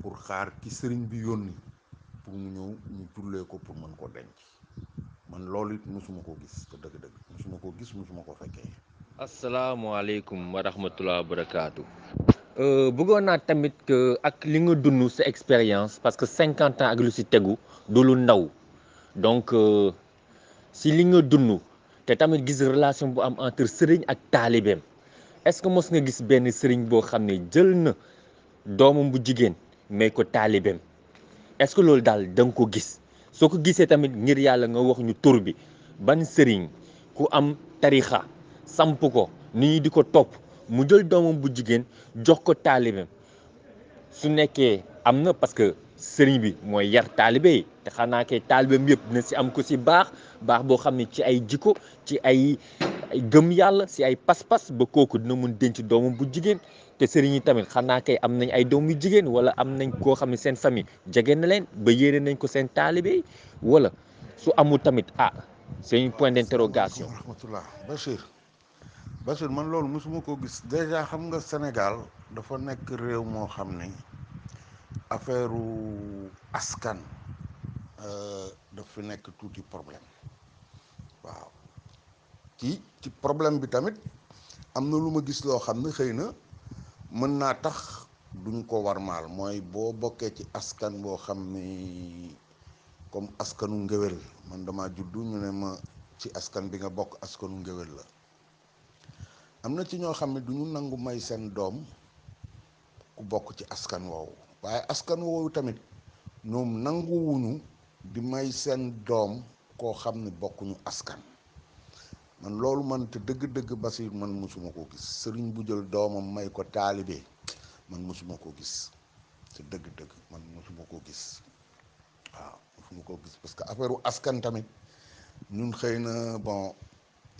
pour xaar ki sëriñ bi yónni pour mu ñëw ñu jullee ko pour mën ko denc man loolu it mosuma ko gis te dëgg-dëgg mosuma ko gis mosuma ko fekkee. asalaamaaleykum wa rahmatulah barakaatu. Euh, bëggoon naa tamit que ak li nga dund sa expérience parce que cinquante ans ak lu si tegu du lu ndaw donc euh, si li nga dund. te tamit gis relation bu am entre sëriñ ak taalibeem est-ce que mos nga gis benn sëriñ boo xam ne jël na doomam bu jigéen may ko taalibeem est-ce loolu daal da nga ko gis soo ko gisee tamit ngir yàlla nga wax ñu tur bi ban sëriñ ku am tarixa samp ko nit ñi di ko topp mu jël doomam bu jigéen jox ko taalibeem su nekkee am na parce que sëriñ bi mooy yar taalibe yi te xanaa kay taalibeem yëpp dina si am ko si baax baax boo xam ne ci ay jikko ci ay ay gëm yàlla si ay pas-pas ba kooku dina mun denc doomam bu jigéen te sëriñ yi tamit xanaa kay am nañ ay doom yu jigéen wala am nañ koo xam ne seen famille jege na leen ba yéene nañ ko seen taalibe wala su amul tamit ah c'est un point d'interrogation. rahmatullah Bachir Bachir man loolu mosuma ko gis déjà xam nga Sénégal dafa nekk réew moo xam ne affaire u askan. Euh, dafa nekk tuuti problème waaw ci ci problème bi tamit am na lu ma gis loo xam ne xëy na mën naa tax duñ ko war maal mooy boo bokkee ci askan boo xam ni comme askanu ngéwél man dama juddu ñu ne ma ci askan bi nga bokk askanu ngéwél la am na ci ñoo xam ne duñu nangu may seen doom ku bokk ci askan woowu waaye askan woowu tamit ñoom nanguwuñu di may seen doom koo xam ne bokkuñu askan man loolu man te dëgg-dëgg Basiir man mosuma koo gis sëriñ bu jël doomam may ko taalibe man mosuma koo gis te dëgg-dëgg man mosuma koo gis waaw mosuma koo gis parce que affaire askan tamit ñun xëy na bon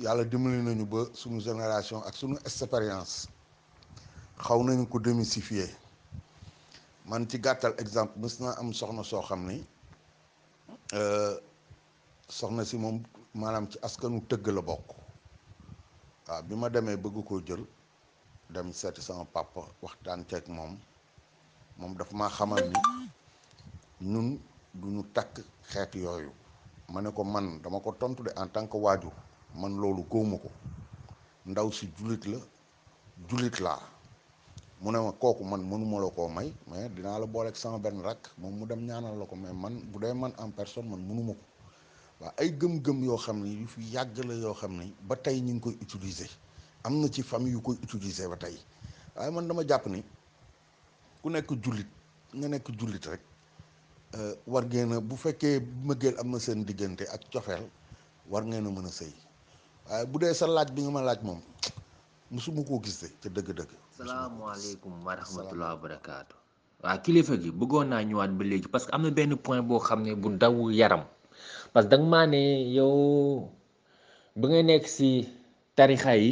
yàlla dimbali nañu ba suñu génération ak suñu expérience xaw nañu ko démystifier man ci gàttal exemple mës naa am soxna soo xam ni. Euh, soxna si moom maanaam ci askanu tëgg la bokk waaw bi ma demee bëggu koo jël dem seeti sama papa waxtaan ceeg moom moom dafa ma xamal ni ñun du ñu takk xeet yooyu ma ne ko man dama ko tontu de en tant que waajur man loolu góoma ko ndaw si jullit la jullit laa mu ne ma kooku man mënuma la koo may mais dinaa la booleek sama benn rakk moom mu dem ñaanal la ko mais man bu dee man en personne man mënuma ko waaw ay gëm-gëm yoo xam ni yu fi yàgg la yoo xam ni ba tey ñu ngi koy utiliser am na ci famille yu koy ba tey waaye man dama jàpp ni ku nekk jullit nga nekk jullit rek euh, war ngeen a bu fekkee mëggeel am na seen diggante ak cofeel war ngeen a mën a sëy waaye bu dee sa laaj bi nga ma laaj moom musuma koo gis de ca dëgg-dëgg salaamaaleykum wa waa kilifa gi bëggoon naa ñëwaat ba léegi parce que am na benn point boo xam ne bu daw yaram parce danga maa ne yow ba nga nekk si tarixa yi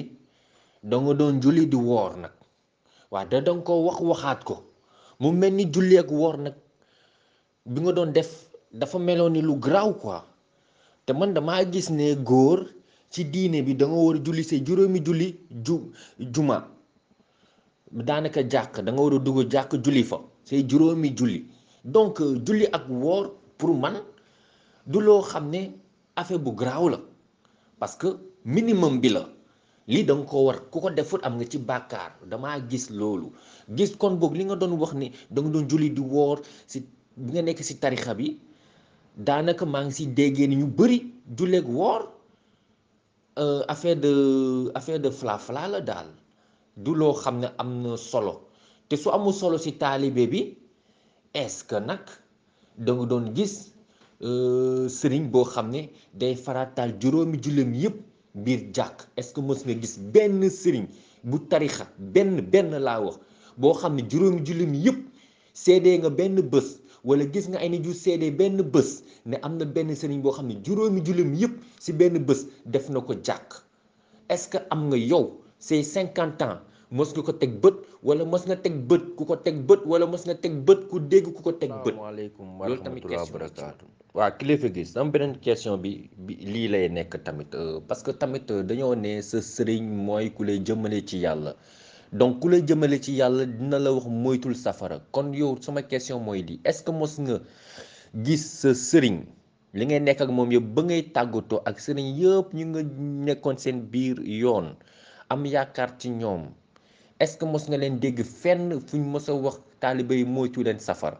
da nga doon julli di woor nag waa da danga ko wax waxaat ko mu mel ni julli ak woor nag bi nga doon def dafa meloon ni lu garaaw quoi te man damaa gis ne góor ci diine bi da nga war julli say juróomi julli juma. daanaka jàkk danga war a dugg jàkk julli fa say juróomi julli donc euh, julli ak woor pour man du loo xam ne affaire bu garaaw la parce que minimum bi la lii da nga ko war ku ko deful am nga ci bàkkaar damaa gis loolu gis kon boog li nga doon wax ni da nga doon julli di woor si bi nga nekk si tarixa bi daanaka maa ngi si déggee ni ñu bëri julleeg woor euh, affaire de affaire de fla-fla la daal du loo xam ne am na solo te su amul solo ci taalibe bi est-ce que nag da doon gis euh, sëriñ boo xam ne day farataal juróomi julleem yëpp biir jàkk est-ce que mës nga gis benn sëriñ bu tarixa benn benn laa wax boo xam ne juróomi julleem yëpp seedee nga benn bés wala gis nga ay nit yu seedee benn bés ne am na benn sëriñ boo xam ne juróomi julleem yépp ci benn bés def na ko jàkk est-ce que am nga yow say cinquante ans mos nga ko teg bët wala mos nga teg bët ku ko teg bët wala mos nga teg bët ku dégg ku ko teg bët. asalaamaaleykum wa rahmatulah barakaatu waaw kilifa gi sama beneen question bi lii lay nekk tamit euh, parce que tamit euh, dañoo ne sa sëriñ mooy ku lay jëmale ci yàlla donc ku lay jëmale ci yàlla dina la wax moytul safara kon yow sama question mooy di est-ce que mos nga gis sa sëriñ. li ngay nekk ak moom yëpp ba ngay tàggatoo ak sëriñ yëpp ñu nga nekkoon seen biir yoon am yaakaar ci ñoom est-ce que mos nga len deg fenn fuñ mosa a wax taalibe yi moytu leen safara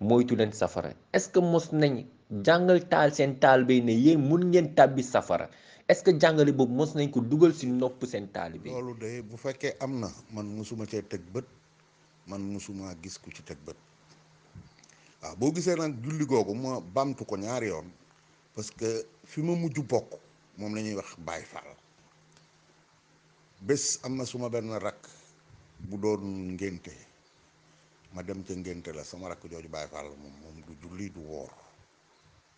moytu len safar est-ce que mos nañ jangal tal sen talibé ne yéen mun ngeen tabbi safara est-ce que jàngale bob mos nañ ko duggal ci nopp sen talibé lolou de bu fekkee amna man musuma ci teg beut man musuma gis ku ci teg beut wa bo gisé nak julli gogo mo bamtu ko ñaar yoon parce que fima ma bok mom lañuy wax baye fall bés am na suma benn rakk bu doon ngénte ma dem ca ngénte la sama rakk jooju Baay Faal moom moom du julli du woor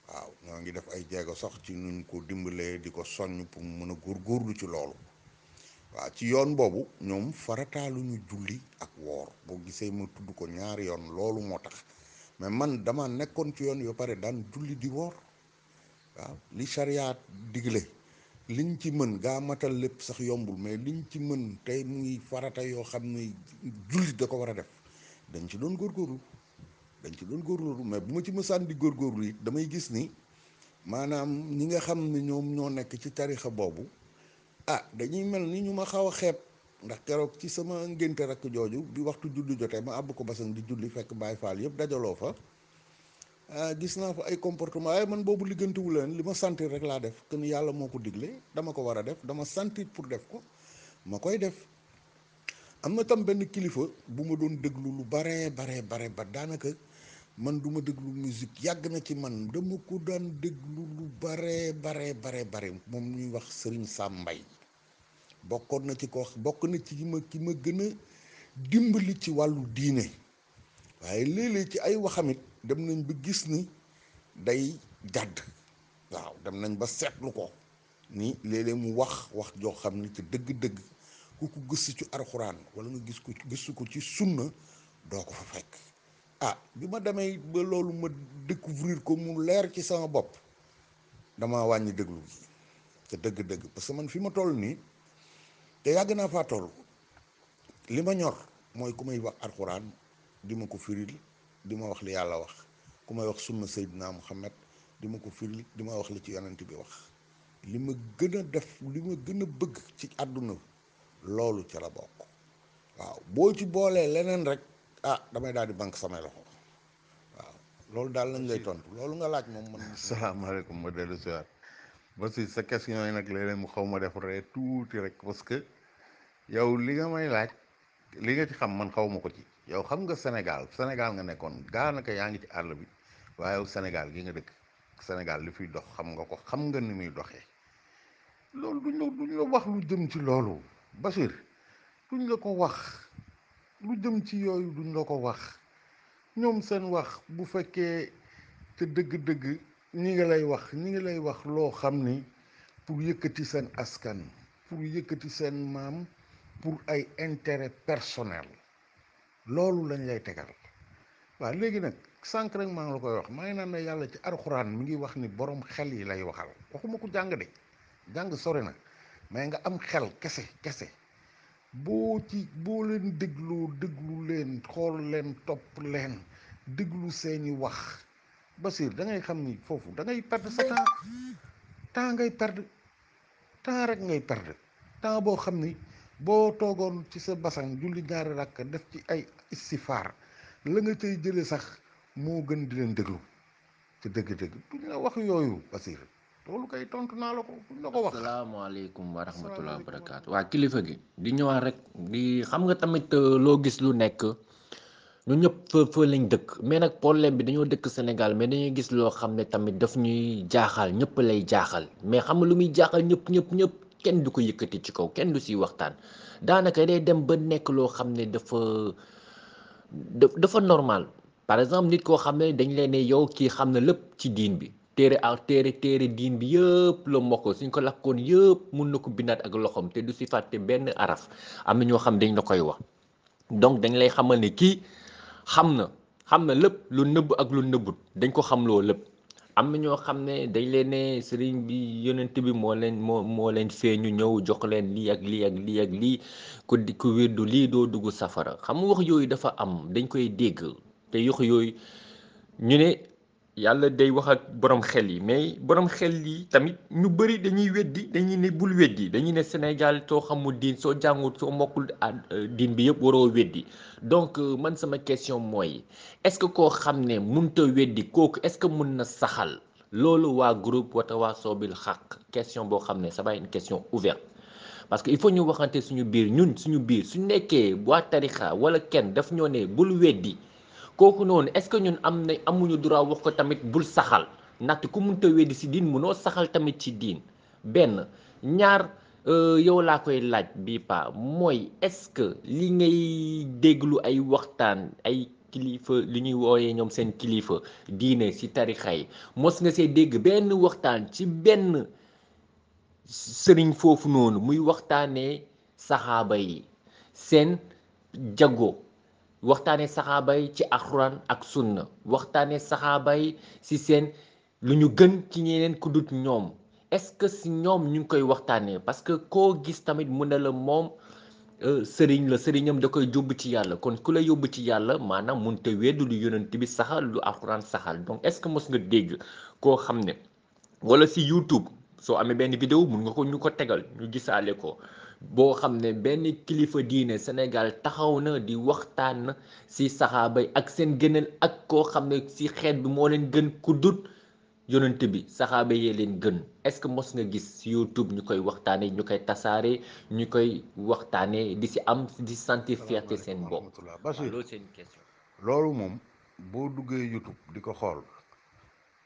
waaw ñoo ngi def ay jéego sox ci nuñ ko dimbalee di ko soññ pour mu mën a góor góorlu ci loolu waaw ci yoon boobu ñoom ñu julli ak woor boo gisee ma tudd ko ñaari yoon loolu moo tax mais man dama nekkoon ci yoon yoo pare daan julli di woor waaw li sariya digle liñ ci mën gaa matal lépp sax yombul mais liñ ci mën tey muy farata yoo xam ne jullit da ko war a def dañ ci doon góor góorlu dañ ci doon góor góorgóorlu mais bu ma ci mësaan di góorgóorlu it damay gis ni maanaam ñi nga xam ne ñoom ñoo nekk ci tarixa boobu ah dañuy mel ni ñu ma xaw a xeeb ndax keroog ci sama ngénte rakk jooju bi waxtu julli jotee ma àbb ko basan di julli fekk Baay Faal yëpp dajaloo fa Euh, gis naa ko ay comportement waaye man boobu liggantiwu leen li ma sentir rek laa def que ni yàlla moo ko digle dama ko war a def dama sentir pour def ko ma koy def am na tam benn kilifa bu ma doon déglu lu bare bare bare ba daanaka man du déglu musique yàgg na ci man dama ko daan déglu lu bare bare bare bare moom ñuy wax Serigne Sam mbay bokkoon na ci ko bokk na ci ki ma ki ma gën a dimbali ci wàllu diine waaye léeg-léeg ci ay waxamit dem nañ ba gis ni day jàdd waaw dem nañ ba seetlu ko ni léeg-léeg mu wax wax joo xam ni te dëgg-dëgg ku ko gis ci arxuraan wala nga gis ko gisu ko ci sunna doo ko fa fekk ah bi ma demee ba loolu ma découvrir ko mu leer ci sama bopp dama wàññi déglu gi te dëgg-dëgg parce que man fi ma toll nii te yàgg naa faa toll li ma ñor mooy ku may wax arxuraan di ma ko firil di ma wax li yàlla wax ku may wax suma sunna Seydina Muhammad di ma ko firil di ma wax li ci yonent bi wax li ma gën a def li ma gën a bëgg ci àdduna loolu ca la bokk waaw boo ci boolee leneen rek ah damay daal di banque samay loxo waaw loolu daal lañ lay tontu loolu nga laaj moom man salaamaaleykum ma dellu si waat ba si sa question yi nag léeg mu xaw ma def ree tuuti rek parce que yow li nga may laaj li nga ci xam man xaw ma ko ci yow xam nga Sénégal Sénégal nga nekkoon gaanaka yaa ngi ci àll bi waaye Sénégal gi nga dëkk Sénégal li fiy dox xam nga ko xam nga ni muy doxee loolu duñ la wax lu jëm ci loolu Bachir duñ la ko wax lu jëm ci yooyu duñ la ko wax ñoom seen wax bu fekkee te dëgg-dëgg ñi ngi lay wax ñi ngi lay wax loo xam ni pour yëkkati seen askan pour yëkkati seen maam pour ay intérêt personnel loolu lañ lay tegal waaw léegi nag sànq rek maa ngi la koy wax maa ngi naan ne yàlla ci alxuraan mi ngi wax ni borom xel yi lay waxal waxuma ko jàng de jàng sori na mais nga am xel kese kese boo ci boo leen déglu déglu leen xool leen topp leen déglu seeni wax Basir da ngay xam ni foofu dangay ngay perdre sa temps ngay perdre temps rek ngay perdre temps boo xam ni. boo toogoon ci sa basan julli ñaari rakk def ci ay istifaar la nga cay jële sax moo gën di leen déglu te dëgg-dëgg duñ la wax yooyu Basir loolu kay tontu naa la ko ko wax. asalaamaaleykum wa rahmatulah wa barakaatu waa kilifa gi di ñëwaat rek di xam nga tamit euh, loo gis lu nekk ñu ñëpp fa fa lañ dëkk mais nag problème bi dañoo dëkk senegal mais dañuy gis loo xam ne tamit daf ñuy jaaxal ñëpp lay jaaxal mais xam nga lu muy jaaxal ñëpp ñëpp ñëpp. kenn du ko yëkkati ci kaw kenn du siy waxtaan daanaka day dem ba nekk loo xam ne dafa dafa normal par exemple nit koo xam ne dañ leen ne yow kii xam na lépp ci diin bi téere ak téere téere diin bi yëpp la mokk suñ ko lakkoon yëpp mun na ko bindaat ak loxoom te du si fàtte benn araf am na ñoo xam dañ la koy wax donc dañ lay xamal ne kii xam na xam na lépp lu nëbb ak lu nëbbut dañ ko xam loo lépp am na ñoo xam ne dañ leen ne sëriñ bi yonent bi moo leen moo moo leen feeñu ñëw jox leen lii ak lii ak lii lii ku di ku weddu lii doo dugg safara xam wax yooyu dafa am dañ koy dégg te yox yooyu ñu ne yàlla day wax ak borom xel yi mais borom xel yi tamit ñu bëri dañuy weddi dañuy ne bul weddi dañuy ne Sénégal soo xamul diin soo jàngul soo mokkul euh, diin bi yëpp waroo weddi donc euh, man sama question mooy est-ce que koo xam ne mënta weddi kooku est-ce que mën na saxal loolu waa groupe Watawasaw Bil Haq question boo xam ne ça va une question ouverte parce que il faut ñu waxante suñu biir ñun suñu biir su nekkee waa tarixa wala kenn daf ñoo ne bul weddi. kooku noonu est-ce que ñun am na amuñu droit wax ko tamit bul saxal ndaxte ku mun tawee di si diin munoo saxal tamit ci diin benn ñaar euh, yow laa koy laaj bi pa mooy est-ce que li ngay déglu ay waxtaan ay kilifa li ñuy wooyee ñoom seen kilifa diine ci tarixa yi mos nga see dégg benn waxtaan ci benn sëriñ foofu noonu muy waxtaanee saxaaba yi seen jago waxtaanee saxaaba yi ci alxuraan ak sunna waxtaanee saxaaba yi si seen lu ñu gën ci ñeneen ku dut ñoom est-ce que si ñoom ñu ngi koy waxtaanee parce que koo gis tamit mun na la moom euh, sëriñ la sëriñam da koy yóbbu ci yàlla kon ku la yóbbu ci yàlla maanaam mun te weddu lu yonent bi saxal lu alxuraan saxal donc est-ce que mos nga dégg koo xam ne wala si YouTube soo amee benn vidéo mun nga ko ñu ko tegal ñu gisaale ko boo xam ne benn kilifa diine Sénégal taxaw na di waxtaan ci saxaaba yi ak seen gënal ak koo xam ne ci xeet bi moo leen gën ku dut bi saxaaba yee leen gën est-ce que mos nga gis ci YouTube ñu koy waxtaanee ñu koy tasaare ñu koy waxtaanee di ci am di sentir fierté seen bopp loolu seen question loolu moom boo duggee YouTube di ko xool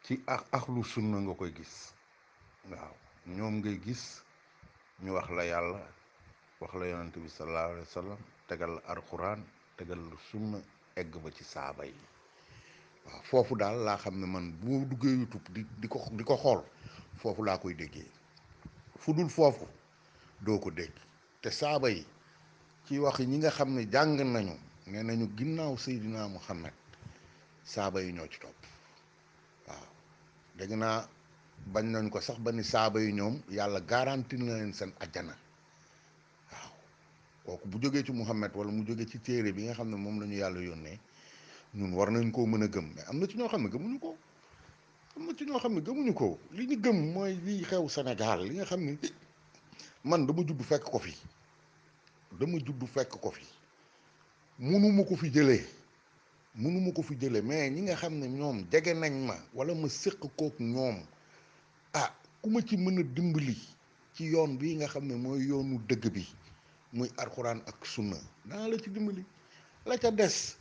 ci ak axlu sunna nga koy gis waaw ñoom ngay gis ñu wax la yàlla wax la yonent bi sallallahu alayhi wa sallam tegal la alquran tegal la sunna egg ba ci saaba yi waaw foofu daal laa xam ne man bu ma duggee YouTube di di ko di ko xool foofu laa koy déggee fu dul foofu doo ko dégg te saaba yi ci wax ñi nga xam ne jàng nañu nee nañu ginnaaw Seydina Muhammad saaba yi ñoo ci topp waaw dégg bañ nañ ko sax ba ni saaba yi ñoom yàlla garanti na leen seen ajjana kooku bu jógee ci Muhammad wala mu jógee ci téere bi nga xam ne moom la ñu yàlla yónnee ñun war nañ koo mën a gëm mais am na ci ñoo xam ne gëmuñu ko am ñoo xam ne gëmuñu ko li ñu gëm mooy li xew Sénégal li nga xam ne man dama judd fekk ko fi dama judd fekk ko fi munuma ko fi jëlee munuma ko fi jëlee mais ñi nga xam ne ñoom jege nañ ma wala ma séq kook ñoom ah ku ma ci mën a dimbali ci yoon bii nga xam ne mooy yoonu dëgg bi muy alxuraan ak sunna dana la ci dimbali la ca dess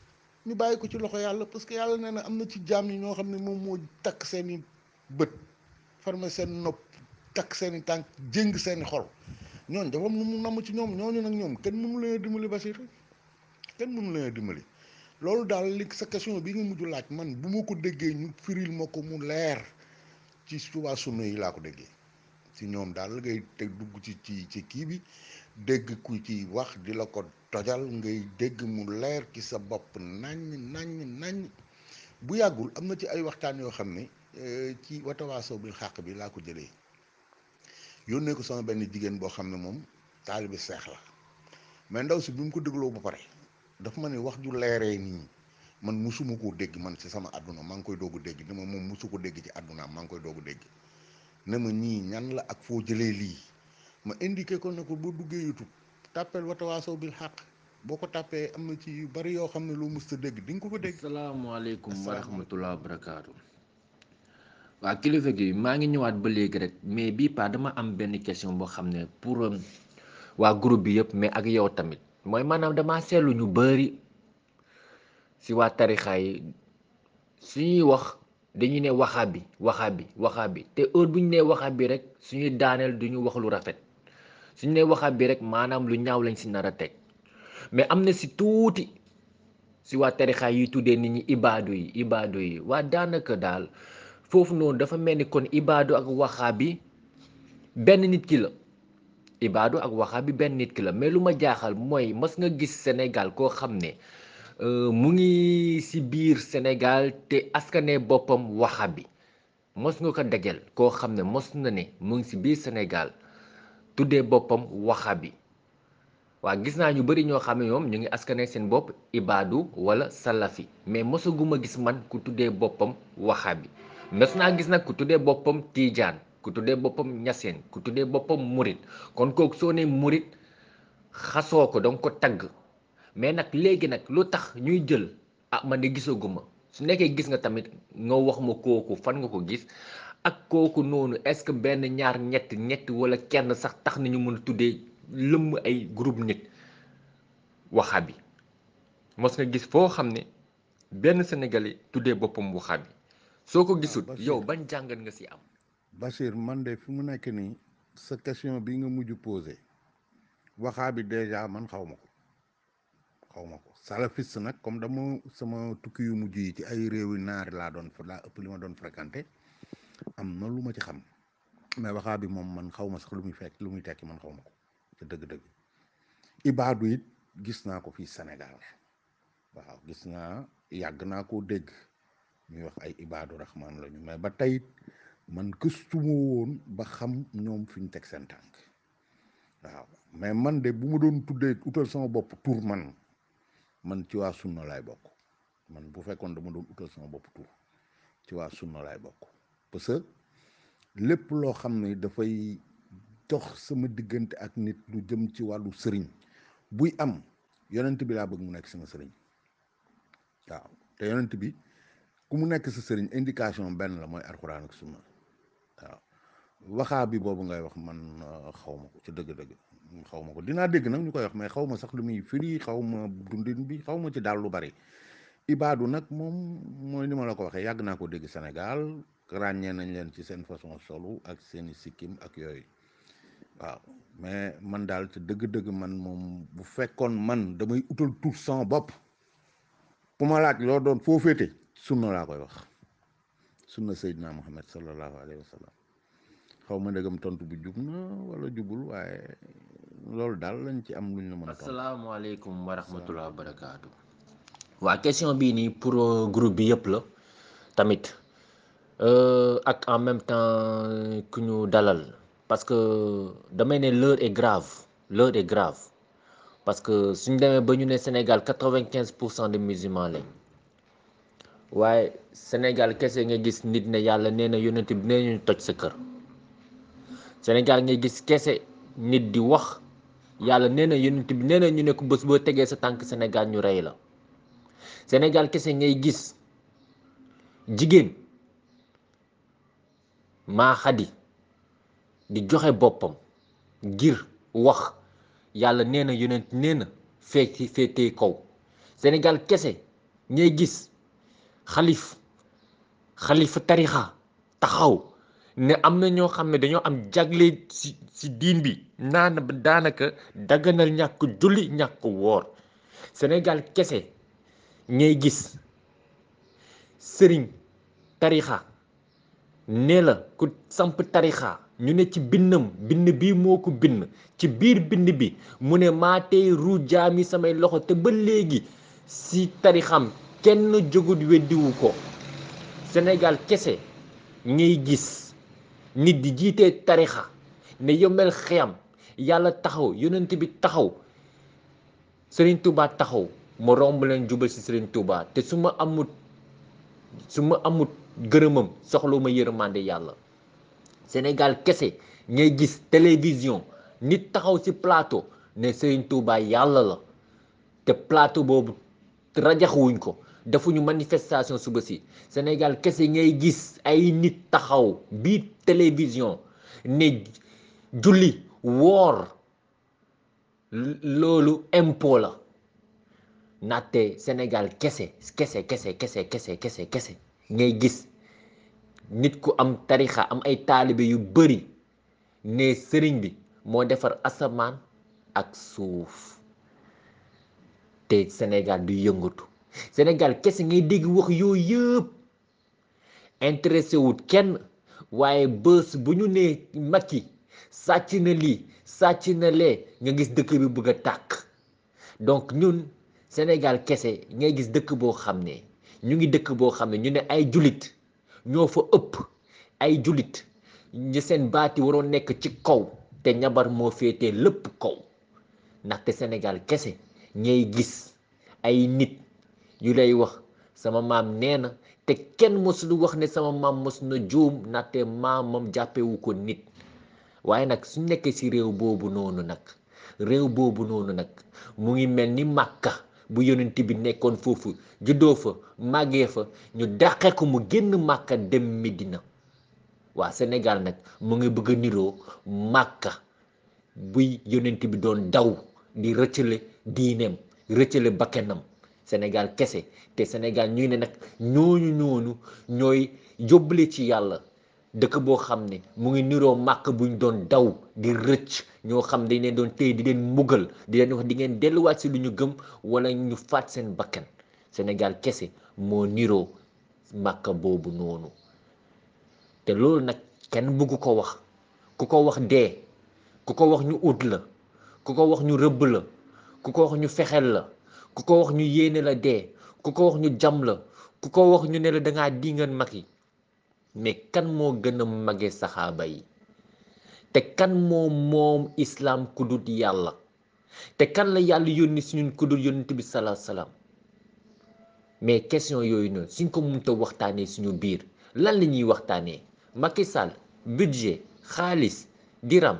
ñu bayiko ci loxo yalla parce que yalla neena na na ci jamm ñoo xamne mom mo tak seen beut farma seen nop tak seen tank jeng seen xol ñoon dafa mu mu nam ci ñoom ñooñu nak ñoom kenn mu mu lay dimbali basir kenn mu mu lay dimbali lolu dal li sa question bi nga muju laaj man bu moko ko ñu firil mako mu leer ci suba sunu yi la ko déggee ci ñoom dal ngay dugg ci ci ci ki bi dégg ku ci wax di la ko tojal ngay dégg mu leer ci sa bopp nañ nañ nañ bu yàggul am na ci ay waxtaan yoo xam ne euh, ci watawaasoo bil xàq bi laa ko jëlee yónnee ko sama benn jigéen boo xam ne moom taalibe seex la mais ndaw si bi mu ko dégloo ba pare dafa ma ne wax ju leeree nii man musuma koo dégg man ci sama àdduna maa ngi koy doog dégg ni ma moom musu ko dégg ci àdduna maa koy doog a dégg ne ma ñii ñan la ak foo jëlee lii ma indiqué ko ne ko boo duggee YouTube tàppeel Watawasaw bil xaq boo ko tàppee am na ci yu bari yoo xam ne loo mës sa dégg di nga ko fa dégg. salaamaaleykum wa rahmatulah barakaatu. kilifa gi maa ngi ñëwaat ba léegi rek mais bii paa dama am benn question boo xam ne pour um, waa group bi yëpp mais ak yow tamit mooy maanaam dama seetlu ñu bari si waa tarixa yi suñuy wax. dañuy ne waxaab bi waxaab bi waxaab bi te heure bu ñu nee waxaab bi rek suñuy daaneel duñu wax lu rafet suñ ne waxaat bi rek maanaam lu ñaaw lañ si nar a teg mais am na si tuuti si waa tarixa yi tuddee nit ñi ibaadu yi ibaadu yi waa daanaka daal foofu noonu dafa mel ni kon ibaadu ak waxaa bi benn nit ki la ak waxaa bi benn nit ki mais lu ma jaaxal mooy mas nga gis Sénégal koo xam ne euh, mu ngi si biir Sénégal te askane boppam waxaa bi mos nga ko dajal koo xam ne mos na ne mu ngi si biir Sénégal tuddee boppam wahabi waa gis naa ñu bëri ñoo xam ne ñu ngi askane seen bopp ibaadu wala salafi mais mosaguma gis man ku tuddee boppam wahabi mos naa gis nag ku boppam tiijaan ku tuddee boppam ñaseen ku tuddee boppam murit kon kooku soo ne murit xasoo ko danga ko tagg mais nag léegi nag lu tax ñuy jël ah man de gisaguma su nekkee gis nga tamit nga wax ma kooku fan nga ko gis ak kooku noonu est-ce que benn ñaar ñett ñett wala kenn sax tax nañu mën a tuddee lëmm ay groupe nit waxabi mos nga gis foo xam ne benn sénégalais tuddee boppam waxabi soo ko ah, gisul yow ban jàngat nga si am Bachir man de fi mu nekk nii sa question bi nga mujj posé waxaabi déjà man xaw ma ko xaw ma ko salafiste nag comme dama sama tukki yu mujj yi ci ay réewi naar laa doon laa ëpp li ma doon fréquenté am na lu ma ci xam mais waxaa bi moom man xaw ma sax lu muy fekk lu muy tekki man xaw ma ko te dëgg-dëgg ibaadu it gis naa ko fii senegal waaw gis naa yàgg naa koo dégg ñuy wax ay ibaadu rahmaan lañu mais ba tey man gëstuma woon ba xam ñoom fi ñu teg seen tànk waaw mais man de bu ma doon tuddee utal sama bopp tur man man ci waa sunna laay bokk man bu fekkoon dama doon utal sama bopp tur ci waa sunna laay bokk parce que lépp loo xam ne dafay dox sama diggante ak nit lu jëm ci wàllu sëriñ buy am yonent bi laa bëgg mu nekk sama sëriñ waaw te yonent bi ku mu nekk si sëriñ indication benn la mooy alxuraan ak suma waaw waxaa bi boobu ngay wax man euh, xaw ma ko ci dëgg-dëgg xaw ma ko dinaa dégg nag ñu koy wax mais xaw ma sax lu muy firi xaw ma dundin bi xaw ma ci daal lu bari ibaadu nag moom mooy ni ma la ko waxee yàgg naa ko dégg Sénégal ragné nañ leen ci seen façon solu ak seeni sikim ak yoy waaw mais man dal ci deug deug man mom bu fekkoon man damay utal tout sans bop bu ma laaj lo doon fo fété sunna la koy wax sunna muhammad sallallahu alayhi Wasallam, xawma xaw gam ndegam tontu bu jub na wala jubul waye lol dal lañ ci am luñu mëna assalamu alaykum wa rahmatullahi wa barakatuh wa question bi ni pour euh, groupe bi yep la tamit Euh, en même temps que nous dalal parce que Demain l'heure est grave l'heure est grave parce que Si on ba Sénégal 95% de musulmans Sénégal ce nga gis nit ne yalla na ñu Sénégal nga gis kessé nit di wax yalla na ñu bëss bo téggé sa tank Sénégal ñu la Sénégal gis maaxadi di joxe boppam ngir wax yàlla nee na yonent nee na feeti féetee kaw Sénégal kese ñay gis xalif xalifa tarixa taxaw ne am na ñoo xam ne dañoo am jagle ci ci diin bi naan daanaka dagganal ñàkk julli ñàkk woor senegal kese ñay gis sëriñ tarixa ne la ku samp tarixa ñu ne ci bindam bind bi moo ko bind ci biir bind bi mu ne maa tey ru jaami samay loxo te ba léegi si tarixam kenn jógu weddiwu ko senegal kese ngay gis nit di jiitee tarixa ne yombel xiyam yàlla taxaw yonent bi taxaw Serigne Touba taxaw ma romb leen jubal si Serigne Touba te su ma amut su ma amut gërëmam soxlu ma yërëmande yàlla Sénégal kese ngay gis télévision nit taxaw ci plateau né Serigne Touba yàlla la te plateau boobu rajaxuwuñ ko defuñu manifestation suba si Sénégal kese ngay gis ay nit taxaw biir télévision ne julli woor loolu impôt la natte Sénégal kese kese kese kese kese kese ngay gis nit ku am tarixa am ay taalibe yu bari ne sëriñ bi moo defar asamaan ak suuf te Sénégal du yëngatu Sénégal kese ngay dégg wax yooyu yëpp intéressé wut kenn waaye bës bu ñu nee mag Macky sàcc na lii sàcc na lee nga gis dëkk bi bëgg a tàkk donc ñun Sénégal kese ngay gis dëkk boo xam ne ñu ngi dëkk boo xam ne ñu ne ay jullit ñoo fa ëpp ay jullit ñu seen baati waroo nekk ci kaw te ñabar moo féetee lépp kaw ndaxte senegal kese ñay gis ay nit yu lay wax sama maam nee na te kenn mosul wax ne sama maam mos na juum ndaxte maamam jàppewu ko nit waaye nag su nekkee ci réew boobu noonu nag réew boobu noonu nag mu ngi mel ni màkka bu yonent bi nekkoon foofu juddoo fa màggee fa ñu dàqe ko mu génn màkka dem dina waa senegal nag mu ngi bëgg a niroo màkka buy yonent bi doon daw di rëccale diineem rëccale bakkenam senegal kese te Sénégal ñuy ne nag ñooñu ñooñu ñooy yóbbale ci yàlla dëkk boo xam ne mu ngi niroo màkk buñ doon daw di rëcc ñoo xam dañ leen doon téye di leen muggal di leen wax di ngeen delluwaat si lu ñu gëm wala ñu faat seen bakkan senegal kese moo niroo màkka boobu noonu te loolu nag kenn bëggu ko wax ku ko wax dee ku ko wax ñu ut la ku ko wax ñu rëbb la ku ko wax ñu fexeel la ku ko wax ñu yéene la dee ku ko wax ñu jam la ku ko wax ñu ne la danga di dingan mag yi mais kan moo gën a mage saxaaba yi te kan moo moom islaam ku yàlla te kan la yàlla yónni suñu ku dul yónnent bi salaa salaam mais question yooyu noonu suñ ko mënta waxtaanee suñu biir lan la ñuy waxtaanee Macky Sall budget xaalis diram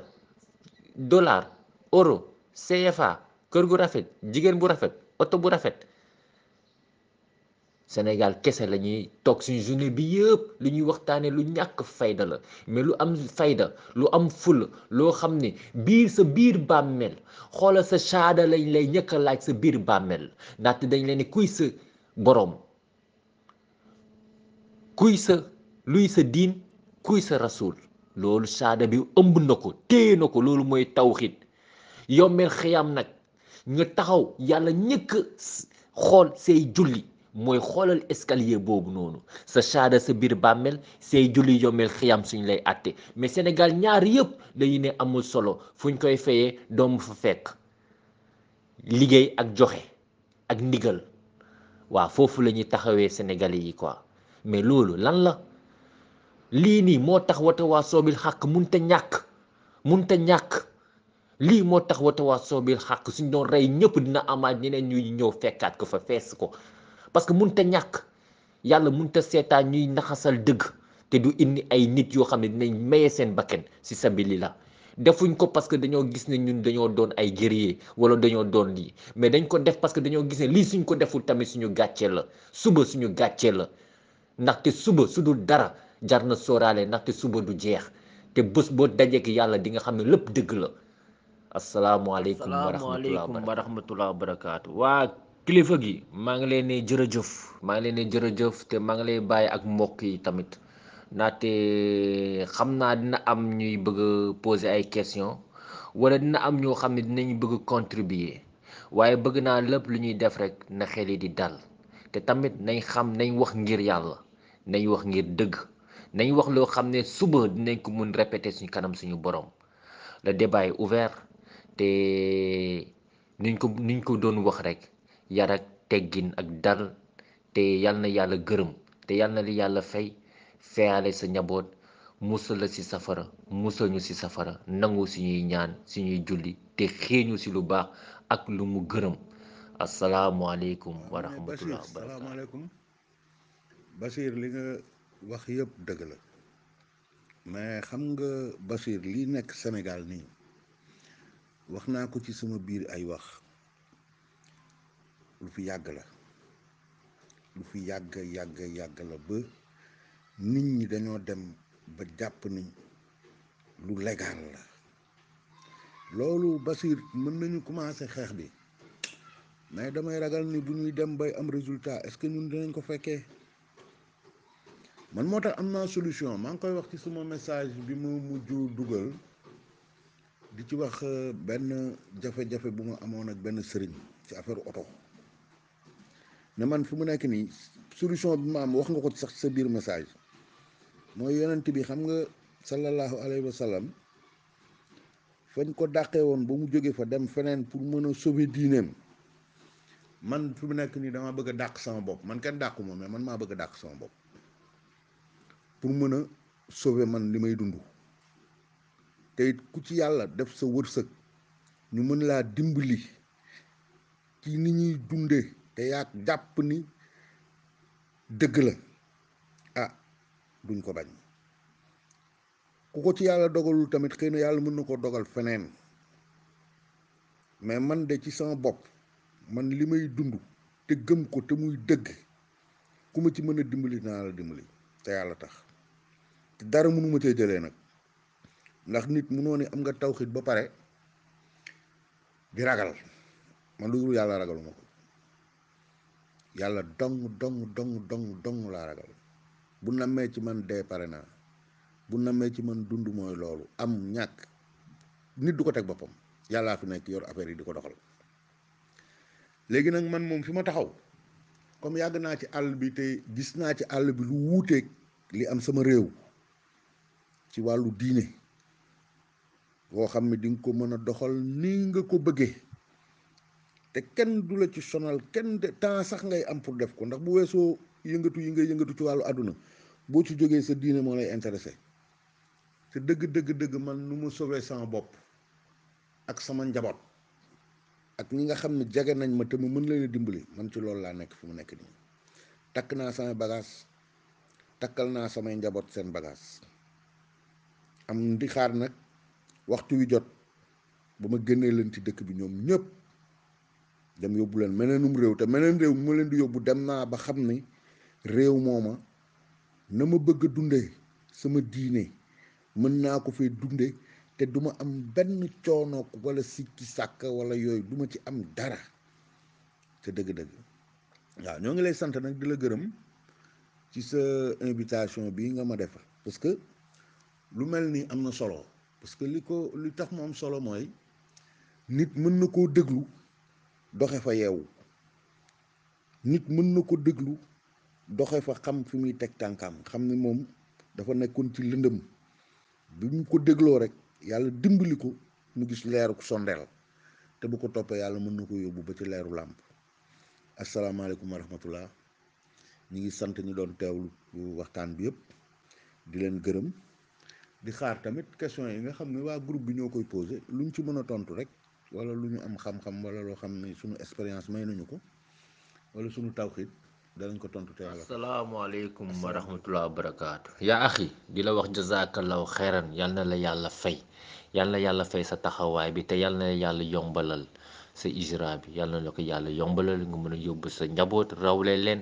dollar euro CFA kër gu rafet jigéen bu rafet oto bu rafet Sénégal kese la ñuy toog suñu journée bi yëpp lu ñuy waxtaanee lu ñàkk fayda la mais lu am fayda lu am ful loo xam ne biir sa biir bàmmeel xoolal sa caada lañ lay ñëkk laaj sa biir bàmmeel ndaxte dañ leen ne kuy sa boroom kuy sa luy sa diin kuy sa rasul loolu saada bi ëmb na ko téye na ko loolu mooy tawxiid yombeel xiyaam nag nga taxaw yàlla ñëkk xool say julli mooy xoolal escalier boobu noonu sa saada sa biir bàmmeel say julli yombeel xiyaam suñ lay àtte mais senegal ñaar yëpp dañu ne amul solo fuñ koy fayee doomu fa fekk liggéey ak joxe ak ndigal waaw foofu la ñuy taxawee sénégalais yi quoi mais loolu lan la lii nii moo tax waa Watawasaw Bil Haq te ñàkk mun munta ñàkk lii moo tax waa Watawasaw Bil Haq suñ doon rey ñëpp dina amaat ñeneen ñuy ñëw fekkaat ko fa fees ko parce que te ñàkk yàlla mun munta seetaan ñuy naxasal dëgg te du indi ay nit yoo xam ne dinañ maye seen bakken ci sabilillah defuñ ko parce que dañoo gis ne ñun dañoo doon ay guerrier wala dañoo doon lii mais dañ ko def parce que dañoo gis ne lii suñ ko deful tamit suñu gàccee la suba suñu gàccee la ndaxte suba su dul dara jar na sóoraale ndaxte suba du jeex te bés boo dajeek yàlla di nga xam ne lépp dëgg la asalaamaaleykum wa rahmatulah barakaatu waa kilifa gi maa ngi leen ne jërëjëf maa ngi leen ne jërëjëf te maa ngi lay bàyyi ak mbokk yi tamit ndaxte xam naa dina am ñuy bëgg a ay questions wala dina am ñoo xam ne dinañ bëgg a contribuer waaye bëgg naa lépp lu ñuy def rek na xel yi di dal te tamit nañ xam nañ wax ngir yàlla nañ wax ngir dëgg nañ wax loo xam ne suba dinañ ko mun répéter suñu kanam suñu borom le débat est ouvert te nuñ ko nuñ ko doon wax rek yar ak teggin ak dal te yal na yàlla gërëm te yal na li yàlla fay. feeyale sa njaboot musal la ci safara musal ñu ci safara nangu suñuy ñaan suñuy julli te xeeñu ci lu baax ak lu mu gërëm asalaamualeykum wa rahmatullah wa barakaatu Basiir li nga wax yépp dëgg la mais xam nga Basiir li nekk Sénégal nii wax naa ko ci sama biir ay wax lu fi yàgg la lu fi yàgg yàgg yàgg la ba nit ñi dañoo dem ba jàpp ni lu légal la loolu Basiir mën nañu commencé xeex bi mais damay ragal ni du ñuy dem bay am résultat est-ce que ñun dinañ ko fekkee man moo tax am naa solution maa ngi koy wax ci suma message bi mu mujj dugal di ci wax euh, benn jafe-jafe bu mu amoon ak benn sëriñ ci affaire oto ne man fu mu nekk nii solution bi ma am wax nga ko sax sa biir message mooy yonent bi xam nga sallallahu alayhi wa fañ ko dàqee woon ba mu jógee fa dem feneen pour mën a sauver diineem man fi mu nekk nii dama bëgg dàq sama bopp man kenn dàqu ma mais man maa bëgg a dàq sama bopp pour mën a sauver man li may dund te it ku ci yàlla def sa wërsëg ñu mën laa dimbali ci ni ñuy dunde te yaa jàpp ni dëgg la duñ ko bañ ku ko ci yàlla dogalul tamit xëy na yàlla mën na koo dogal feneen mais man de ci sama bopp man li may dund te gëm ko te muy dëgg ku ma ci mën a dimbali naa la dimbali te yàlla tax dara mënuma cee jëlee nag ndax nit munoo ni am nga taw tawxiit ba pare di ragal man lu dul yàlla ragaluma ko yàlla dong dong dong dong dong laa ragal bu namee ci man dee pare naa bu namee ci man dund mooy loolu am ñàkk nit du ko teg boppam yàllaa fi nekk yor affaire yi di ko doxal léegi nag man moom fi ma taxaw comme yàgg naa ci àll bi te gis naa ci àll bi lu wuuteeg li am sama réew ci wàllu diine boo xam ne di nga ko mën a doxal ni nga ko bëggee te kenn du la ci sonal kenn de temps sax ngay am pour def ko ndax bu weesoo yëngatu yi ngay yëngatu ci wàllu àdduna boo ci jógee sa diine moo lay intéressé te dëgg dëgg dëgg man nu mu sauvé sama bopp ak sama njaboot ak ñi nga xam ne jege nañ ma te mu mën leen a dimbali man ci loolu laa nekk fu mu nekk nii takk naa sama bagage takkal naa samay njaboot seen bagage am di xaar nag waxtu wi jot ba ma génnee leen ci dëkk bi ñoom ñëpp dem yóbbu leen meneenum réew te meneen réew mu leen di yóbbu dem naa ba xam ni réew mooma na ma bëgg dunde sama diine mën naa ko fee dunde te duma am benn coonook walla sikki sàkk wala yooyu duma ci am dara te dëgg-dëgg waaw ñoo ngi lay sant nag di la gërëm ci sa invitation bi nga ma defal parce que lu mel ni am na solo parce que li ko li tax mu am solo mooy nit mën na koo déglu doxe fa yeewu nit mën na ko déglu doxe fa xam fi muy teg tànkam xam ne moom dafa nekkoon ci lëndëm bi mu ko dégloo rek yàlla dimbali ko mu gis leeru sondeel te bu ko toppee yàlla mun na ko yóbbu ba ci leeru làmp asalaamaaleykum wa ñu ngi sant ñu doon teewlu waxtaan bi yëpp di leen gërëm di xaar tamit question yi nga xam ne waa groupe bi ñoo koy lu ñu ci mën a tontu rek wala lu ñu am xam-xam wala loo xam ne suñu expérience may nañu ko wala suñu tawxiit danañ ko tontu te yàlla. asalaamaaleykum wa rahmatulah wa barakaatu. yaa axi di la wax jazakallahu xeeran yal na la yàlla fay yal yàlla fay sa taxawaay bi te yal na yàlla yombalal sa ijra bi yàlla na la ko yàlla yombalal nga mën a yóbbu sa njaboot rawle leen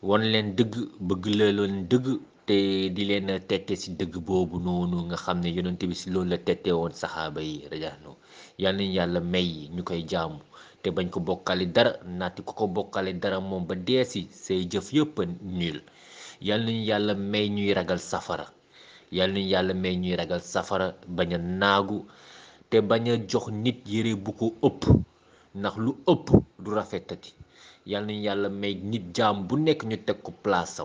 won leen dëgg bëgg la leen dëgg te di leen tette si dëgg boobu noonu nga xam ne yonent bi si loolu la tette woon saxaaba yi rajaanu yal nañ yàlla may ñu koy jaamu. te bañ ko bokkaale dara nati ko ko bokkaale dara mom ba dee sey jëf yëpp nul yal nañu yalla may ñuy ragal safara yal nañu yalla may ñuy ragal safara baña nagu naagu te bañ jox nit yére bu ko upp ndax lu upp du rafetati yal nañu yalla may nit jam bu nek ñu tek ko place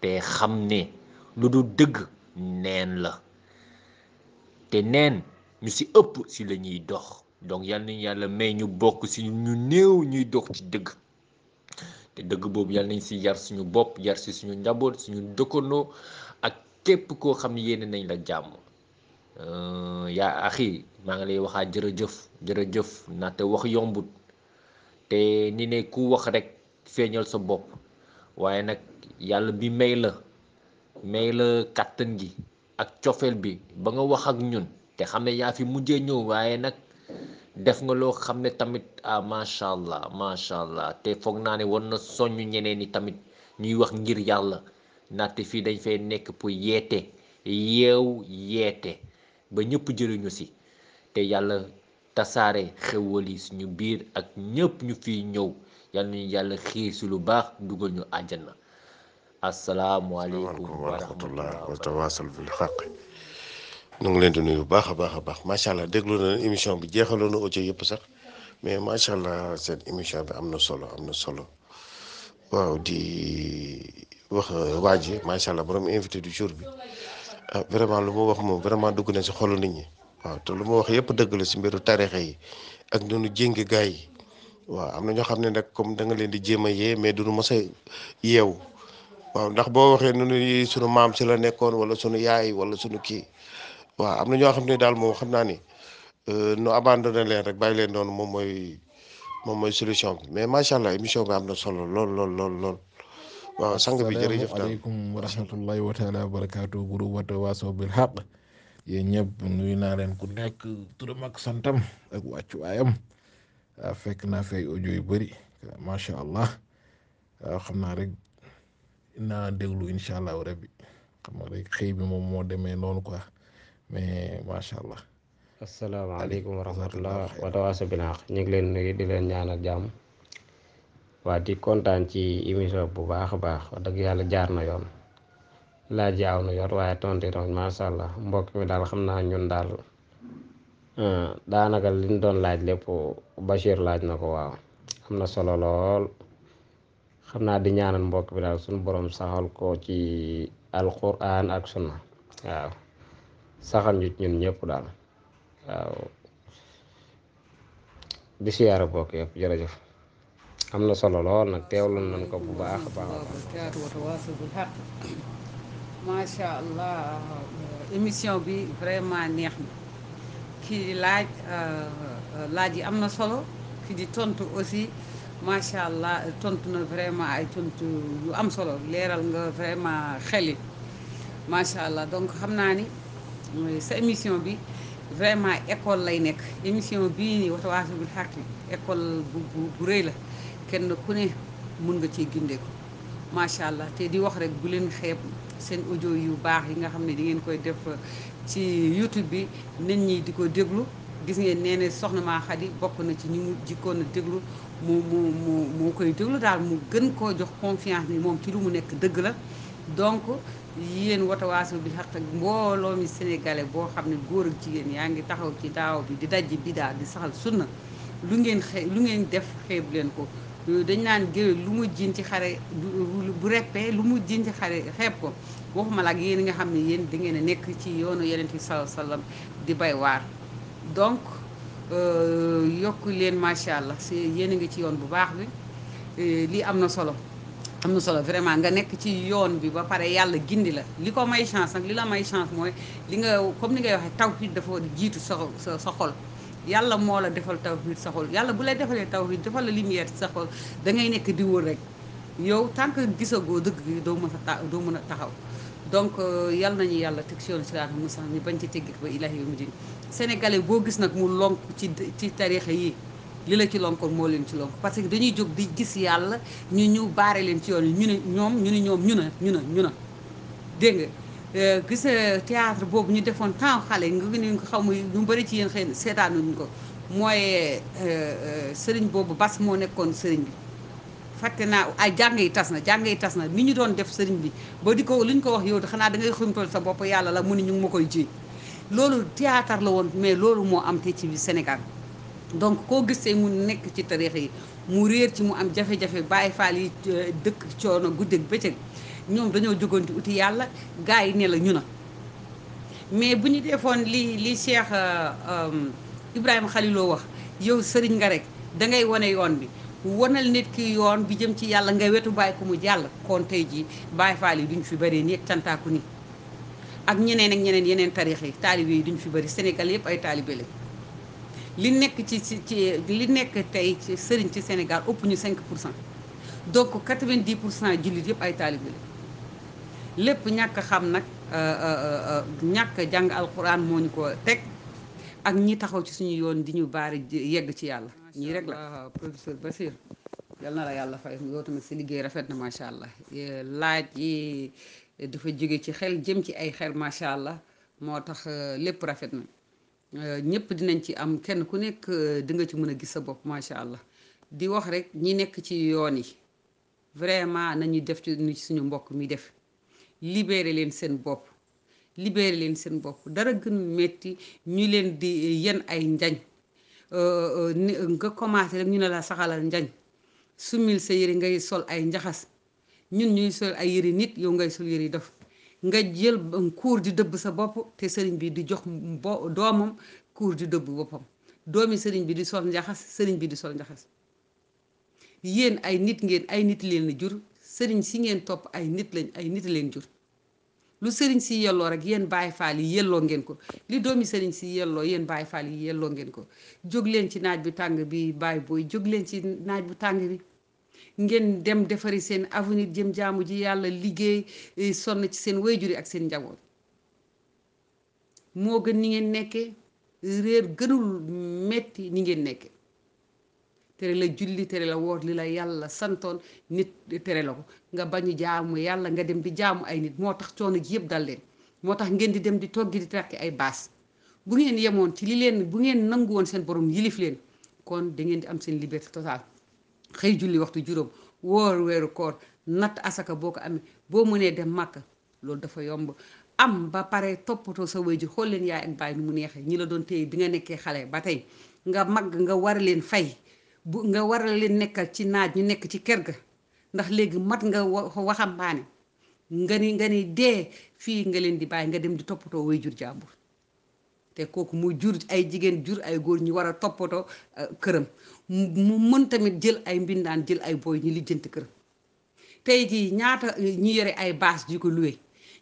te hamne ne lu du dëgg neen la te neen ñu ci upp ci lañuy dox donc yal nañu yàlla may ñu bokk si ñu néew ñuy dox ci dëgg te dëgg boobu yal nañ si yar suñu bopp yar si suñu njaboot suñu dëkkandoo ak képp koo xam ne yéene nañ la jàmm euh, yaa axi maa ngi lay waxaat jërëjëf jërëjëf ndaxte wax yombut te ni ne ku wax rek feeñal sa bopp waaye nag yàlla bi may la may la kàttan gi ak cofeel bi ba nga wax ak ñun te xam ne yaa fi mujjee ñëw waaye nag def nga loo xam ne tamit ah macha allah macha allah te foog naa ne war na soññ ñeneen ñi tamit ñuy wax ngir yàlla ndaxte fii dañ fay nekk pour yeete yeew yeete ba ñëpp jëriñu si te yàlla tasaare xewal yi suñu biir ak ñëpp ñu fiy ñëw yàlla nañu yàlla xiir si lu baax dugal ñu àjjana asalaamualeykum wa rahmatulah wa tawaasal bil xaq ñu ngi leen di nuyu bu baax a baax a baax macha allah déglu na émission bi jeexaloon na audio yëpp sax mais macha allah seen émission bi am na solo am na solo waaw di wax waa ji macha allah borom invité du jour bi ah vraiment lu ma wax moom vraiment dugg na si xolu nit ñi waaw te lu ma wax yëpp dëgg la si mbiru tarixa yi ak nu nu jéngi gaay yi waaw am na ñoo xam ne nag comme danga leen di jéem a yee mais du nu mos a yeewu waaw ndax boo waxee nu nu sunu maam si la nekkoon wala sunu yaay wala sunu kii. waaw am na ñoo xam ne daal moom xam naa ni euh, nu abandonné leen rek bàyyi leen noonu moom mooy moom mooy solution mais macha allah émission bi am na solo lool lool lool lool. waaw sang bi jërëjëf daal asalaamaaleykum wa rahmatullahi wa taala wa xaq yéen ñëpp naa leen ku nekk turam ak santam ak wàccuwaayam ah, fekk naa fay audio yu bari macha allah ah, xam naa rek naa déglu incha allah rabbi xam a rek xëy bi moom moo demee noonu quoi. mais eh, macha allah. asalaamaaleykum wa rahmatulah wa tawaasaw bil haq ñu ngi leen nuyu di leen ñaanal jàmm waa di kontaan ci émission bu baax a baax wax dëgg yàlla jaar na yoon laaj yi na yoon waaye tontu yi macha allah mbokk mi daal xam naa ñun daal eh, daanaka li ñu doon laaj lépp Bachir laaj na ko waaw am na solo lool xam naa di ñaanal mbokk mi daal suñu borom saxal ko ci alquran ak sunna waaw. saxal ñu ñun ñëpp daal waaw di siyaara bokk yëpp jërëjëf am na solo lool nag teewlu nañ ko bu baax a baax a macha allah émission bi vraiment neex na kii di laaj euh, laaj yi am na solo kii di tontu aussi macha allah tontu na vraiment ay tontu yu am solo leeral nga vraiment xeli macha allah donc xam naa ni. mooy sa émission bi vraiment école lay nekk émission bii nii Watawasaw bil haqqi école bu bu rëy la kenn ku ne mun nga cee gindeeku macha allah te di wax rek bu leen xeeb seen audio yu baax yi nga xam ne di ngeen koy def ci YouTube bi nit ñi di ko déglu gis ngeen nee na soxna maa Xadi bokk na ci ñu mu jikkoon a déglu mu mu mu mu koy déglu daal mu gën koo jox confiance ni moom ci lu mu nekk dëgg la donc. yéen watawaasu bi xaq ak mbooloo mi sénégalais boo xam ne góor ak jigéen yaa ngi taxaw ci daaw bi di dajji bidaa di saxal sunna lu ngeen xee lu ngeen def xeeb leen ko dañ naan géwél lu mu jiiñ ci xare bu reppee lu mu jiin ci xare xeeb ko waxuma la ak yéen nga xam ne yéen da ngeen a nekk ci yoonu yeneen bi sallallahu alayhi di bay waar donc euh, yokk leen macha allah si yéen a ngi ci yoon bu baax bi euh, lii am na solo am na solo vraiment nga nekk ci yoon bi ba pare yàlla gindi la li ko may chance nag li la may chance mooy li nga comme ni ngay waxee tawhid dafa jiitu sa sa sa xol yàlla moo la defal tawhid sa xol yàlla bu lay defalee tawhid defal la lumière sa xol da ngay nekk di wër rek yow tant que gisagoo dëgg gi doo mën a ta doo mën a taxaw donc euh, yal nañu yàlla teg si yoonu si mu sax ñu bañ ci teggit ba ilaahi yawmi diin sénégalais boo gis nag mu lonk ci ci tarixa yi li la ci lonkoon moo leen ci lonk parce que dañuy jóg di gis yàlla ñu ñu baare leen ci yoon ñu ne ñoom ñu ni ñoom ñu na ñu na ñu na dégg nga euh, gis théâtre boobu ñu defoon temps xale nga gën ko xaw ma ñu bëri ci yéen xëy na seetaanuñu ko mooy euh, euh, sëriñ boobu bas moo nekkoon sëriñ bi fàtte naa ay jàng yi tas na jàng yi tas na ni ñu doon def sëriñ bi ba di ko li ñu ko wax yow xanaa da ngay xumtal sa bopp yàlla la mu ni ñu ngi ma koy ji loolu théâtre la woon mais loolu moo am te ci Sénégal donc koo gisee mu nekk ci tariix yi mu réer ci mu am jafe-jafe Baay Faal yi euh, dëkk coono guddeeg bëccëg ñoom dañoo jóganti wuti yàlla gars yi ne la ñu na mais bu ñu defoon li li Cheikh euh, euh, Ibrahima Khaliloo wax yow sëriñ nga rek da ngay wane yoon bi wanal nit ki yoon bi jëm ci yàlla nga wetu bàyyi ko mu jàll kon tey jii Baay Faal yi duñ fi bëree nii ak cantaaku nii ak ñeneen ak ñeneen yeneen tariix yi taalibe yi duñ fi bëri Sénégal yëpp ay taalibee lañ li nekk ci ci ci li nekk tey ci sëriñ ci Sénégal ëpp ñu 5 pour cent donc 90 pour cent jullit yëpp ay taalibe la lépp ñàkk xam nag euh, euh, euh, ñàkk jàng alxuraan moo ñu ko teg ak ñi taxaw ci suñu yoon di ñu baari yegg ci yàlla ñii rek la professeur Bassir yal na la yàlla fay yow tamit si liggéey rafet na macha allah laaj yi dafa jóge ci xel jëm ci ay xel macha allah moo tax lépp rafet na Euh, ñëpp dinañ ci am kenn ku nekk euh, di nga ci mën a gis sa bopp macha allah di wax rek ñi nekk ci yoon yi vraiment nañu def ci ni suñu mbokk mi def libéré leen seen bopp libéré leen seen bopp dara gën metti ñu leen di euh, yen ay njañ nga commencé rek ñu ne la saxalal njañ sumil sa yëre ngay sol ay njaxas ñun ñuy sol ay yëri nit yow ngay sol yëri def nga jël kuur di dëbb sa bopp te sëriñ bi di jox bo doomam kuur di dëbb boppam doomi sëriñ bi di sol njaxas sëriñ bi di sol njaxas yéen ay nit ngeen ay nit leen jur sëriñ si ngeen topp ay nit lañ ay nit leen jur lu sëriñ si yelloo rek yéen bàyyi faal yi yelloo ngeen ko li doomi sëriñ si yelloo yéen bàyyi faal yi yelloo ngeen ko jóg leen ci naaj bu tàng bi baay booy jóg leen ci naaj bu tàng bi ngeen dem defari seen avenir jëm jaamu ji yàlla liggéey eh, sonn ci seen way yi ak seen njaboot moo gën ni ngeen nekkee réer gënul metti ni ngeen nekkee tere la julli tere la woor li la yàlla santoon nit tere la ko nga bañ jaamu yàlla nga dem di jaamu ay nit moo tax coono ji yëpp dal leen moo tax ngeen di dem di toggi di tàkki ay baas bu ngeen yemoon ci li leen bu ngeen nangu woon seen borom yilif leen kon da ngeen di am seen liberté totale xëy julli waxtu juróom woor weeru koor natt asaka boo ko amee boo mënee dem màkk loolu dafa yomb am ba pare toppatoo sa wayjur xool leen yaay ak baay mu neexee ñi la doon téye bi nga nekkee xale ba tey nga màgg nga war leen fay bu nga war leen nekkal ci naaj ñu nekk ci kër ga ndax léegi mat nga waxambaane nga ni nga ni dee fii nga leen di bàyyi nga dem di toppatoo wayjur jàmbur te kooku mu jur ay jigéen jur ay góor ñu war a toppatoo euh, këram mu mën tamit jël ay mbindaan jël ay boy ñi lijjanti kër tey jii ñaata ñi yore ay bâche di ko loué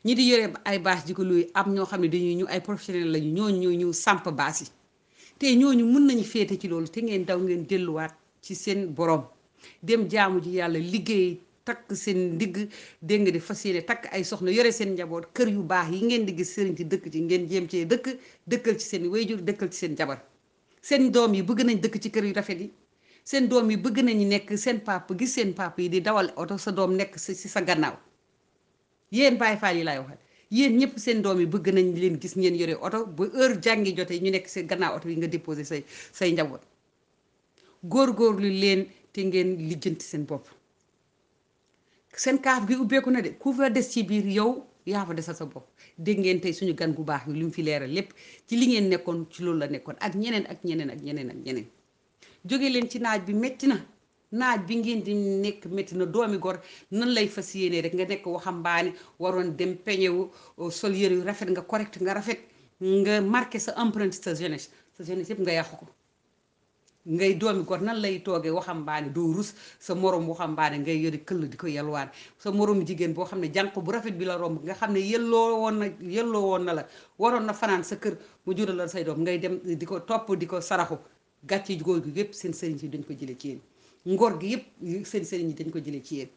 ñi di yore ay bâche di ko loué am ñoo xam ne dañuy ñu ay professionnel lañu ñooñu ñoo ñëw samp bâche yi tey ñooñu mën nañu féete ci loolu te ngeen daw ngeen delluwaat ci seen borom dem jaamu ji yàlla liggéey takk seen ndigg dégg nga di fas yéene takk ay soxna yore seen njaboot kër yu baax yi ngeen di gis sëriñ ci dëkk ci ngeen jéem cee dëkk dëkkal ci seen wayjur dëkkal ci seen jabar seen doom yi bëgg nañ dëkk ci kër yu rafet yi seen doom yi bëgg nañu nekk seen papa gis seen papa yi di dawal oto sa doom nekk si sa gannaaw yéen Baay Faal yi laay waxal yéen ñëpp seen doom yi bëgg nañ leen gis ngeen yore oto ba heure jàngi jotee ñu nekk seen gannaaw oto yi nga déposé say say njaboot li leen te ngeen lijjanti seen bopp seen kaaf gi ubbeeku na de ku fa des ci biir yow yaa fa desal sa bopp dégg ngeen tey suñu gan gu baax yi lu mu fi leeral lépp ci li ngeen nekkoon ci loolu la nekkoon ak ñeneen ak ñeneen ak ñeneen ak ñeneen jóge leen ci naaj bi métti na naaj bi ngeen di nekk métti na doomi gor nan lay fas yéene rek nga nekk waxambaane waroon dem peñewu sol yëre yu rafet nga correct nga rafet nga marqué sa empreinte sa jeunesse sa jeunesse yëpp nga yàqu ko ngay doomi gor nan lay toogee waxambaane doo rus sa moroom waxambaane ngay yori këll di ko yelwaan sa morom jigéen boo xam ne jànq bu rafet bi la romb nga xam ne yelloo woon na yelloo woon na la waroon na fanaan sa kër mu jural la say doom ngay dem di ko topp di ko saraxu gàcce góor gi yépp seen sëriñ si dañ ko jëlee ci yéen ngor gi yépp seen sëriñ yi dañ ko jëlee ci yéen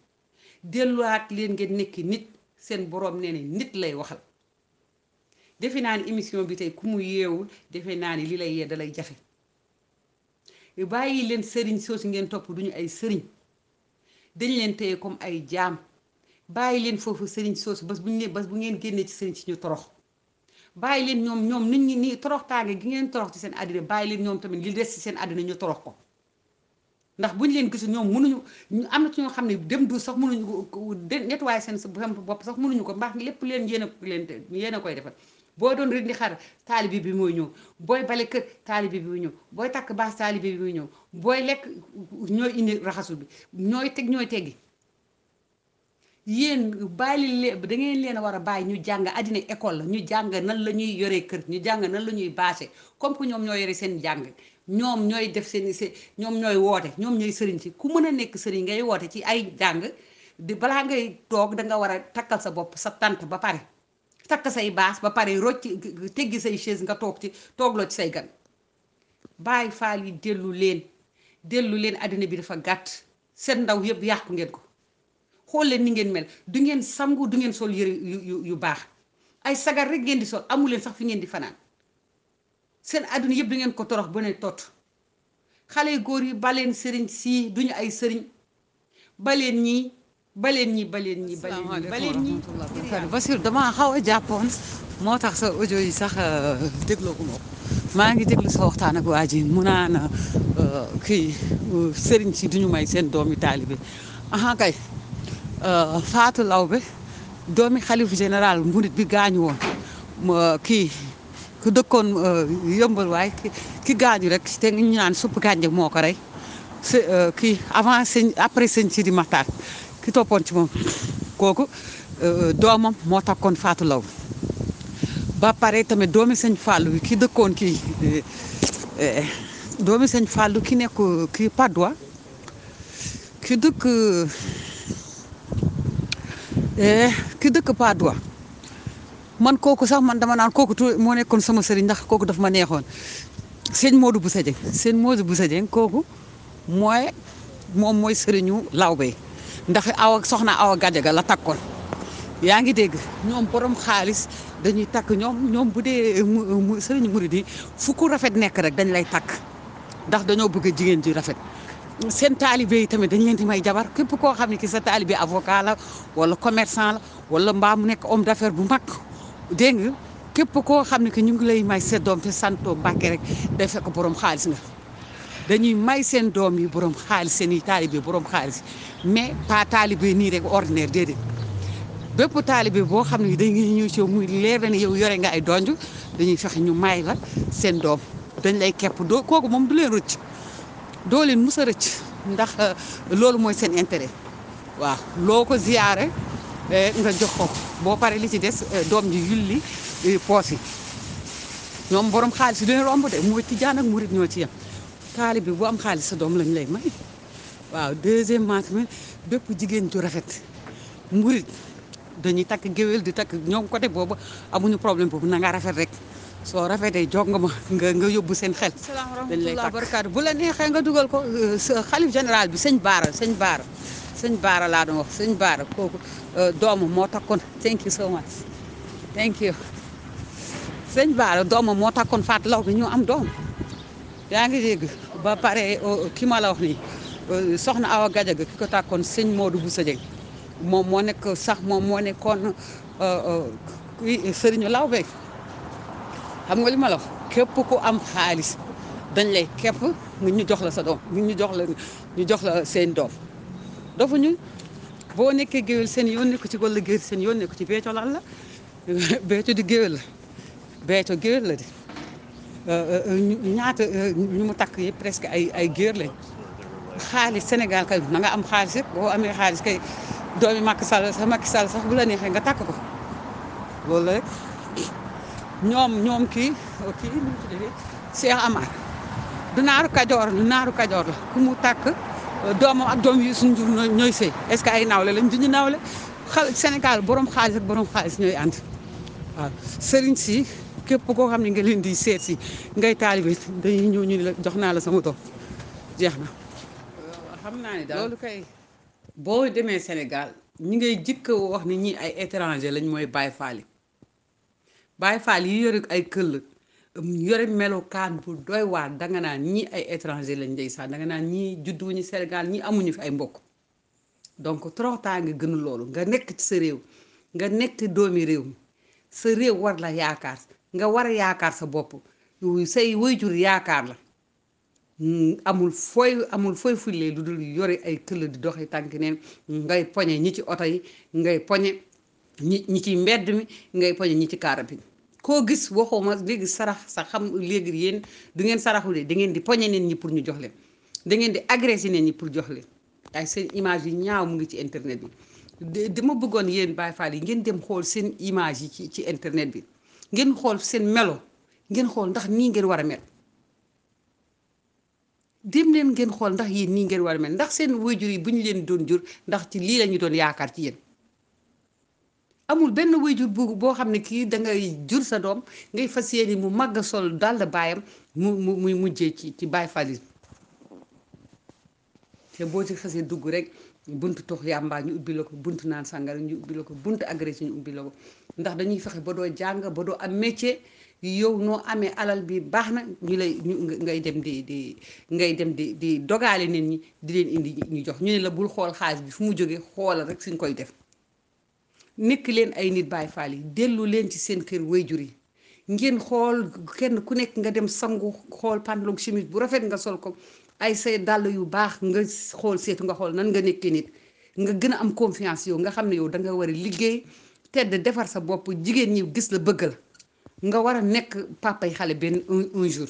delluwaat leen ngeen nekki nit seen boroom nee ne nit lay waxal defe naa ni émission bi tey ku mu yeewul defe naa ni li lay yee dalay jafe Eh, bàyyi leen sëriñ soosu ngeen topp du ñu ay sëriñ dañu leen téye comme ay jaam bàyyi leen foofu sëriñ soosu bas bu ñu bas bu ngeen génnee ci sëriñ si ñu torox bàyyi leen ñoom ñoom nit ñi nii torox taange gi ngeen torox ci seen àddina bàyyi leen ñoom tamit li des ci seen àddina ñu torox ko ndax bu ñu leen gisul ñoom mënuñu ñu am na ci ñoo xam ne dem du sax mënuñu ko nettoyer seen bopp sax mënuñu ko mbaax lépp leen yéen ko leen yéen a koy defal boo doon rindi xar taalibe bi mooy ñëw booy bale kër taalibe bi mooy ñëw booy takk baas taalibe bi mooy ñëw booy lekk ñooy indi raxasu bi ñooy teg ñooy teggi yéen bàyyi leen da ngeen leen a war a bàyyi ñu jàng àddina école la ñu jàng nan la ñuy yoree kër ñu jàng nan la ñuy baase comme que ñoom ñoo yore seen jàng ñoom ñooy def seen i ñoom ñooy woote ñoom ñooy sëriñ si ku mën a nekk sëriñ ngay woote ci ay jàng di balaa ngay toog danga war a takkal sa bopp sa tànt ba pare. takk say baas ba pare rocc teggi say chaise nga toog ci toogloo ci say gan bàyyi faal yi dellu leen dellu leen àddina bi dafa gàtt seen ndaw yëpp yàqu ngeen ko xool leen ni ngeen mel du ngeen sangu du ngeen sol yëre yu yu baax ay sagar rek ngeen di sol amu leen sax fi ngeen di fanaan seen àdduna yëpp du ngeen ko torox ba ne tot xale yu góor yi baleen sëriñ sii duñu ay sëriñ baleen ñii baleen ñi baleen ñi baleen ñi Bassirou damaa xaw a jàppoon moo tax sa audio yi sax euh, dégloo ko maa ngi déglu sa waxtaan ak waa ji mu naan euh, kii sëriñ si duñu may seen doomi taalibe aha kay euh, Fatou Laobé doomi xalifu général murit bi gaañu woon kii ku dëkkoon yëmbal waay ki gaañu rek te ñu naan supp gànje moo ko rey kii avant sëñ après sëñ si di maxtaar ki toppoon ci moom kooku euh, euh, doomam moo takkoon Fatou Law ba pare tamit doomi sëñ Fallou bi ki dëkkoon kii euh, doomi sëñ Fallou ki nekk kii Padois ki dëkk ki dëkk Padois man kooku sax man dama naan kooku tu moo nekkoon sama sëriñ ndax kooku daf ma neexoon sëñ Modou Boussa Dieng sëñ Modou Boussa Dieng kooku mooy moom mooy sëriñu Lawbe ndax awa soxna awa Gadiaga la takkoon yaa ngi dégg ñoom borom xaalis dañuy takk ñoom ñoom bu dee sëriñ murid yi fu ku rafet nekk rek dañ lay takk ndax dañoo bëgg jigéen ji rafet seen taalibe yi tamit dañ leen di may jabar képp koo xam ne ki sa taalibe avocat la wala commerçant la wala mbaam mu nekk homme d'affaires bu mag dégg nga képp koo xam ni que ñu ngi lay may sa doom te santoo Mbàkke rek day fekk borom xaalis nga dañuy may seen doom yi borom xaalis seen i taalibe borom xaalis mais pas taalibe nii rek ordinaire déedéet bépp taalibe boo xam ne dañuy ñëw ci muy leer na ne yow yore nga ay donj dañuy fexe ñu may la seen doom dañ lay kepp doo kooku moom du leen rëcc doo leen mus a rëcc ndax euh, loolu mooy seen intérêt waaw loo ko ziyaare euh, nga jox ko boo pare li ci des euh, doom ji yulli poos yi ñoom borom xaalis yi dina romb de mu tijaan ak murit ñoo ci yem bi bu am xaalis sa doom lañ lay may waaw deuxièmement tamit bépp jigéen ju rafet murit dañuy takk géwél di takk ñoom côté boobu amuñu problème boobu na nga rafet rek soo rafetee jog nga ma nga yóbbu seen xel. dañ lay takk bu la neexee nga dugal ko euh, xalif général bi sëñ Baara sëñ Baara sëñ Baara laa doon wax sëñ Baara kooku euh, doomam moo takkoon thank you so much thank you sëñ Baara doomam moo takkoon Fatou Law bi ñu am doom. yaa ngi dégg ba pare ki ma la wax nii soxna Awa Gadiaga ki ko tàkkoon sëñ Modou Bousso Dieng moom moo nekk sax moom moo nekkoon sëriñu law be xam nga li ma la wax képp ku am xaalis dañ lay képp ñu jox la sa doom ñu jox la ñu jox la seen doom dafa ñu boo nekkee géwél seen yoon nekk ci walla géer seen yoon nekk ci beeco lan la beeco di géwél la beeco géwél la di Euh, euh, euh, ñaata ñu mu takk yëpp presque ay ay géer lañ xaalis Sénégal kay na nga am xaalis yëpp boo amee xaalis kay doomi Macky Sall sax Macky Sall sax bu la neexee nga takk ko loolu rek ñoom ñoom kii kii nu mu tuddee Cheikh du naaru Kajoor du la ku mu takk doomam ak doom yi suñ jur ñooy sëy est-ce que ay nawle lañ du ñu nawle xal Sénégal borom xaalis ak borom xaalis ñooy ànd waaw sëriñ si. képp koo xam ne nga leen di seet si ngay taalibe dañuy ñëw ñu la jox naa la sama tool jeex na. Euh, xam naa ne daal loolu koy boo demee Sénégal ñi ngay jëkk wax ni ñii ay étranger lañ mooy Baye Fall yi Baye Fall yi yore ay këll yore kaan bu doy waar danga naan ñii ay étranger lañ ndeysaan danga naan ñii judduwuñu Sénégal ñii amuñu fi ay mbokk donc trop tard nga gënu loolu nga nekk ci sa réew nga nekk doomi réew mi sa réew war la yaakaar nga war a yaakaar sa bopp say waajur yaakaar la mm, amul fooy amul fooy fulee lu dul yore ay këll di doxi tànk neen ngay poñe ñi ci oto yi ngay poñe ñi ñi ci mbedd mi ngay poñe ñi ci kaara bi koo gis waxuma léegi sarax sa xam léegi yéen du ngeen saraxulee da ngeen di poñe neen ñi pour ñu jox leen da ngeen di agressé neen ñi pour jox leen ay seen image yi ñaaw mu ngi ci internet bi dama bëggoon yéen Baay Faal yi ngeen dem xool seen image yi ci ci internet bi ngeen xool seen melo ngeen xool ndax nii ngeen war a mel dem leen ngeen xool ndax yéen nii ngeen war a mel ndax seen waajur yi bu ñu leen doon jur ndax ci lii lañu doon yaakaar ci yenn amul benn waajur bu boo xam ne kii dangay jur sa doom ngay fas yéene mu màgg sol dal la baayam mu mu muy mujjee ci ci baay falisme te boo ci xasee dugg rek bunt tox yàmbaa ñu ubbi la ko bunt naan sàngara ñu ubbi la ko bunt agression ñu ubbi la ko ndax dañuy fexe ba doo jàng ba doo am métier yow noo amee alal bi baax na ñu lay ñu ngay dem di di ngay dem di di dogaale nit ñi di leen indi ñu jox ñu ne la bul xool xaalis bi fu mu jógee xoolal rek suñ koy def nekk leen ay nit Baay Faal yi dellu leen ci seen kër wayjur yi ngeen xool kenn ku nekk nga dem sangu xool pantalon chemise bu rafet nga sol ko ay say dàll yu baax nga xool seetu nga xool nan nga nekkee nit nga gën a am confiance yow nga xam ne yow da nga war a liggéey tedd defar sa bopp jigéen ñi gis la bëgg la nga war a nekk papay xale benn un jour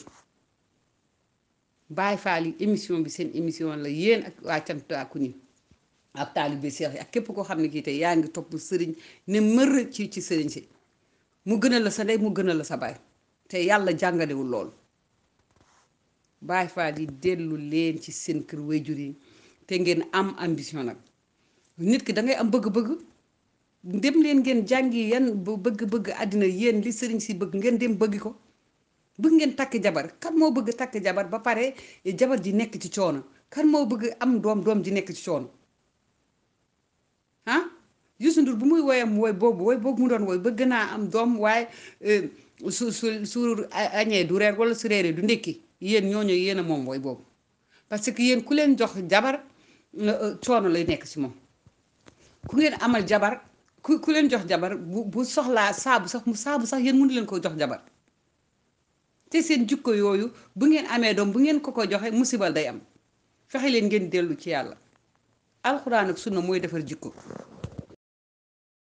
bàyyi faal yi émission bi seen émission la yéen ak waa cantaaku ñi ak taalibe seex yi ak képp koo xam ne kii te yaa ngi topp sëriñ ne mër ci ci sëriñ si mu gën a la sa ndey mu gën la sa baay te yàlla jàngalewul loolu bàyyi faal yi dellu leen ci seen kër wayjur yi te ngeen am ambition nag nit ki da ngay am bëgg-bëgg dem leen ngeen jàngi yan bu bëgg-bëgg àddina yéen li sëriñ si bëgg ngeen dem bëggi ko bëgg ngeen takk jabar kan moo bëgg takk jabar ba pare jabar ji nekk ci coono kan moo bëgg am doom doom ji nekk ci coono ah Youssou Ndour bu muy woyam woy doon woy bëgg naa am doom waaye euh, su su su añee du reer wala su reeree du ndékki yéen ñooñu yéen a moom woy boobu parce que yéen ku leen jox jabar euh, coono lay nekk ci moom ku ngeen amal jabar ku ku leen jox jabar bu bu soxlaa saabu sax mu saabu sax yéen mënu leen ko jox jabar te seen jikko yooyu bu ngeen amee doom bu ngeen ko ko mu sibal day am fexe leen ngeen dellu ci yàlla alxuraan ak sunna mooy defar jikko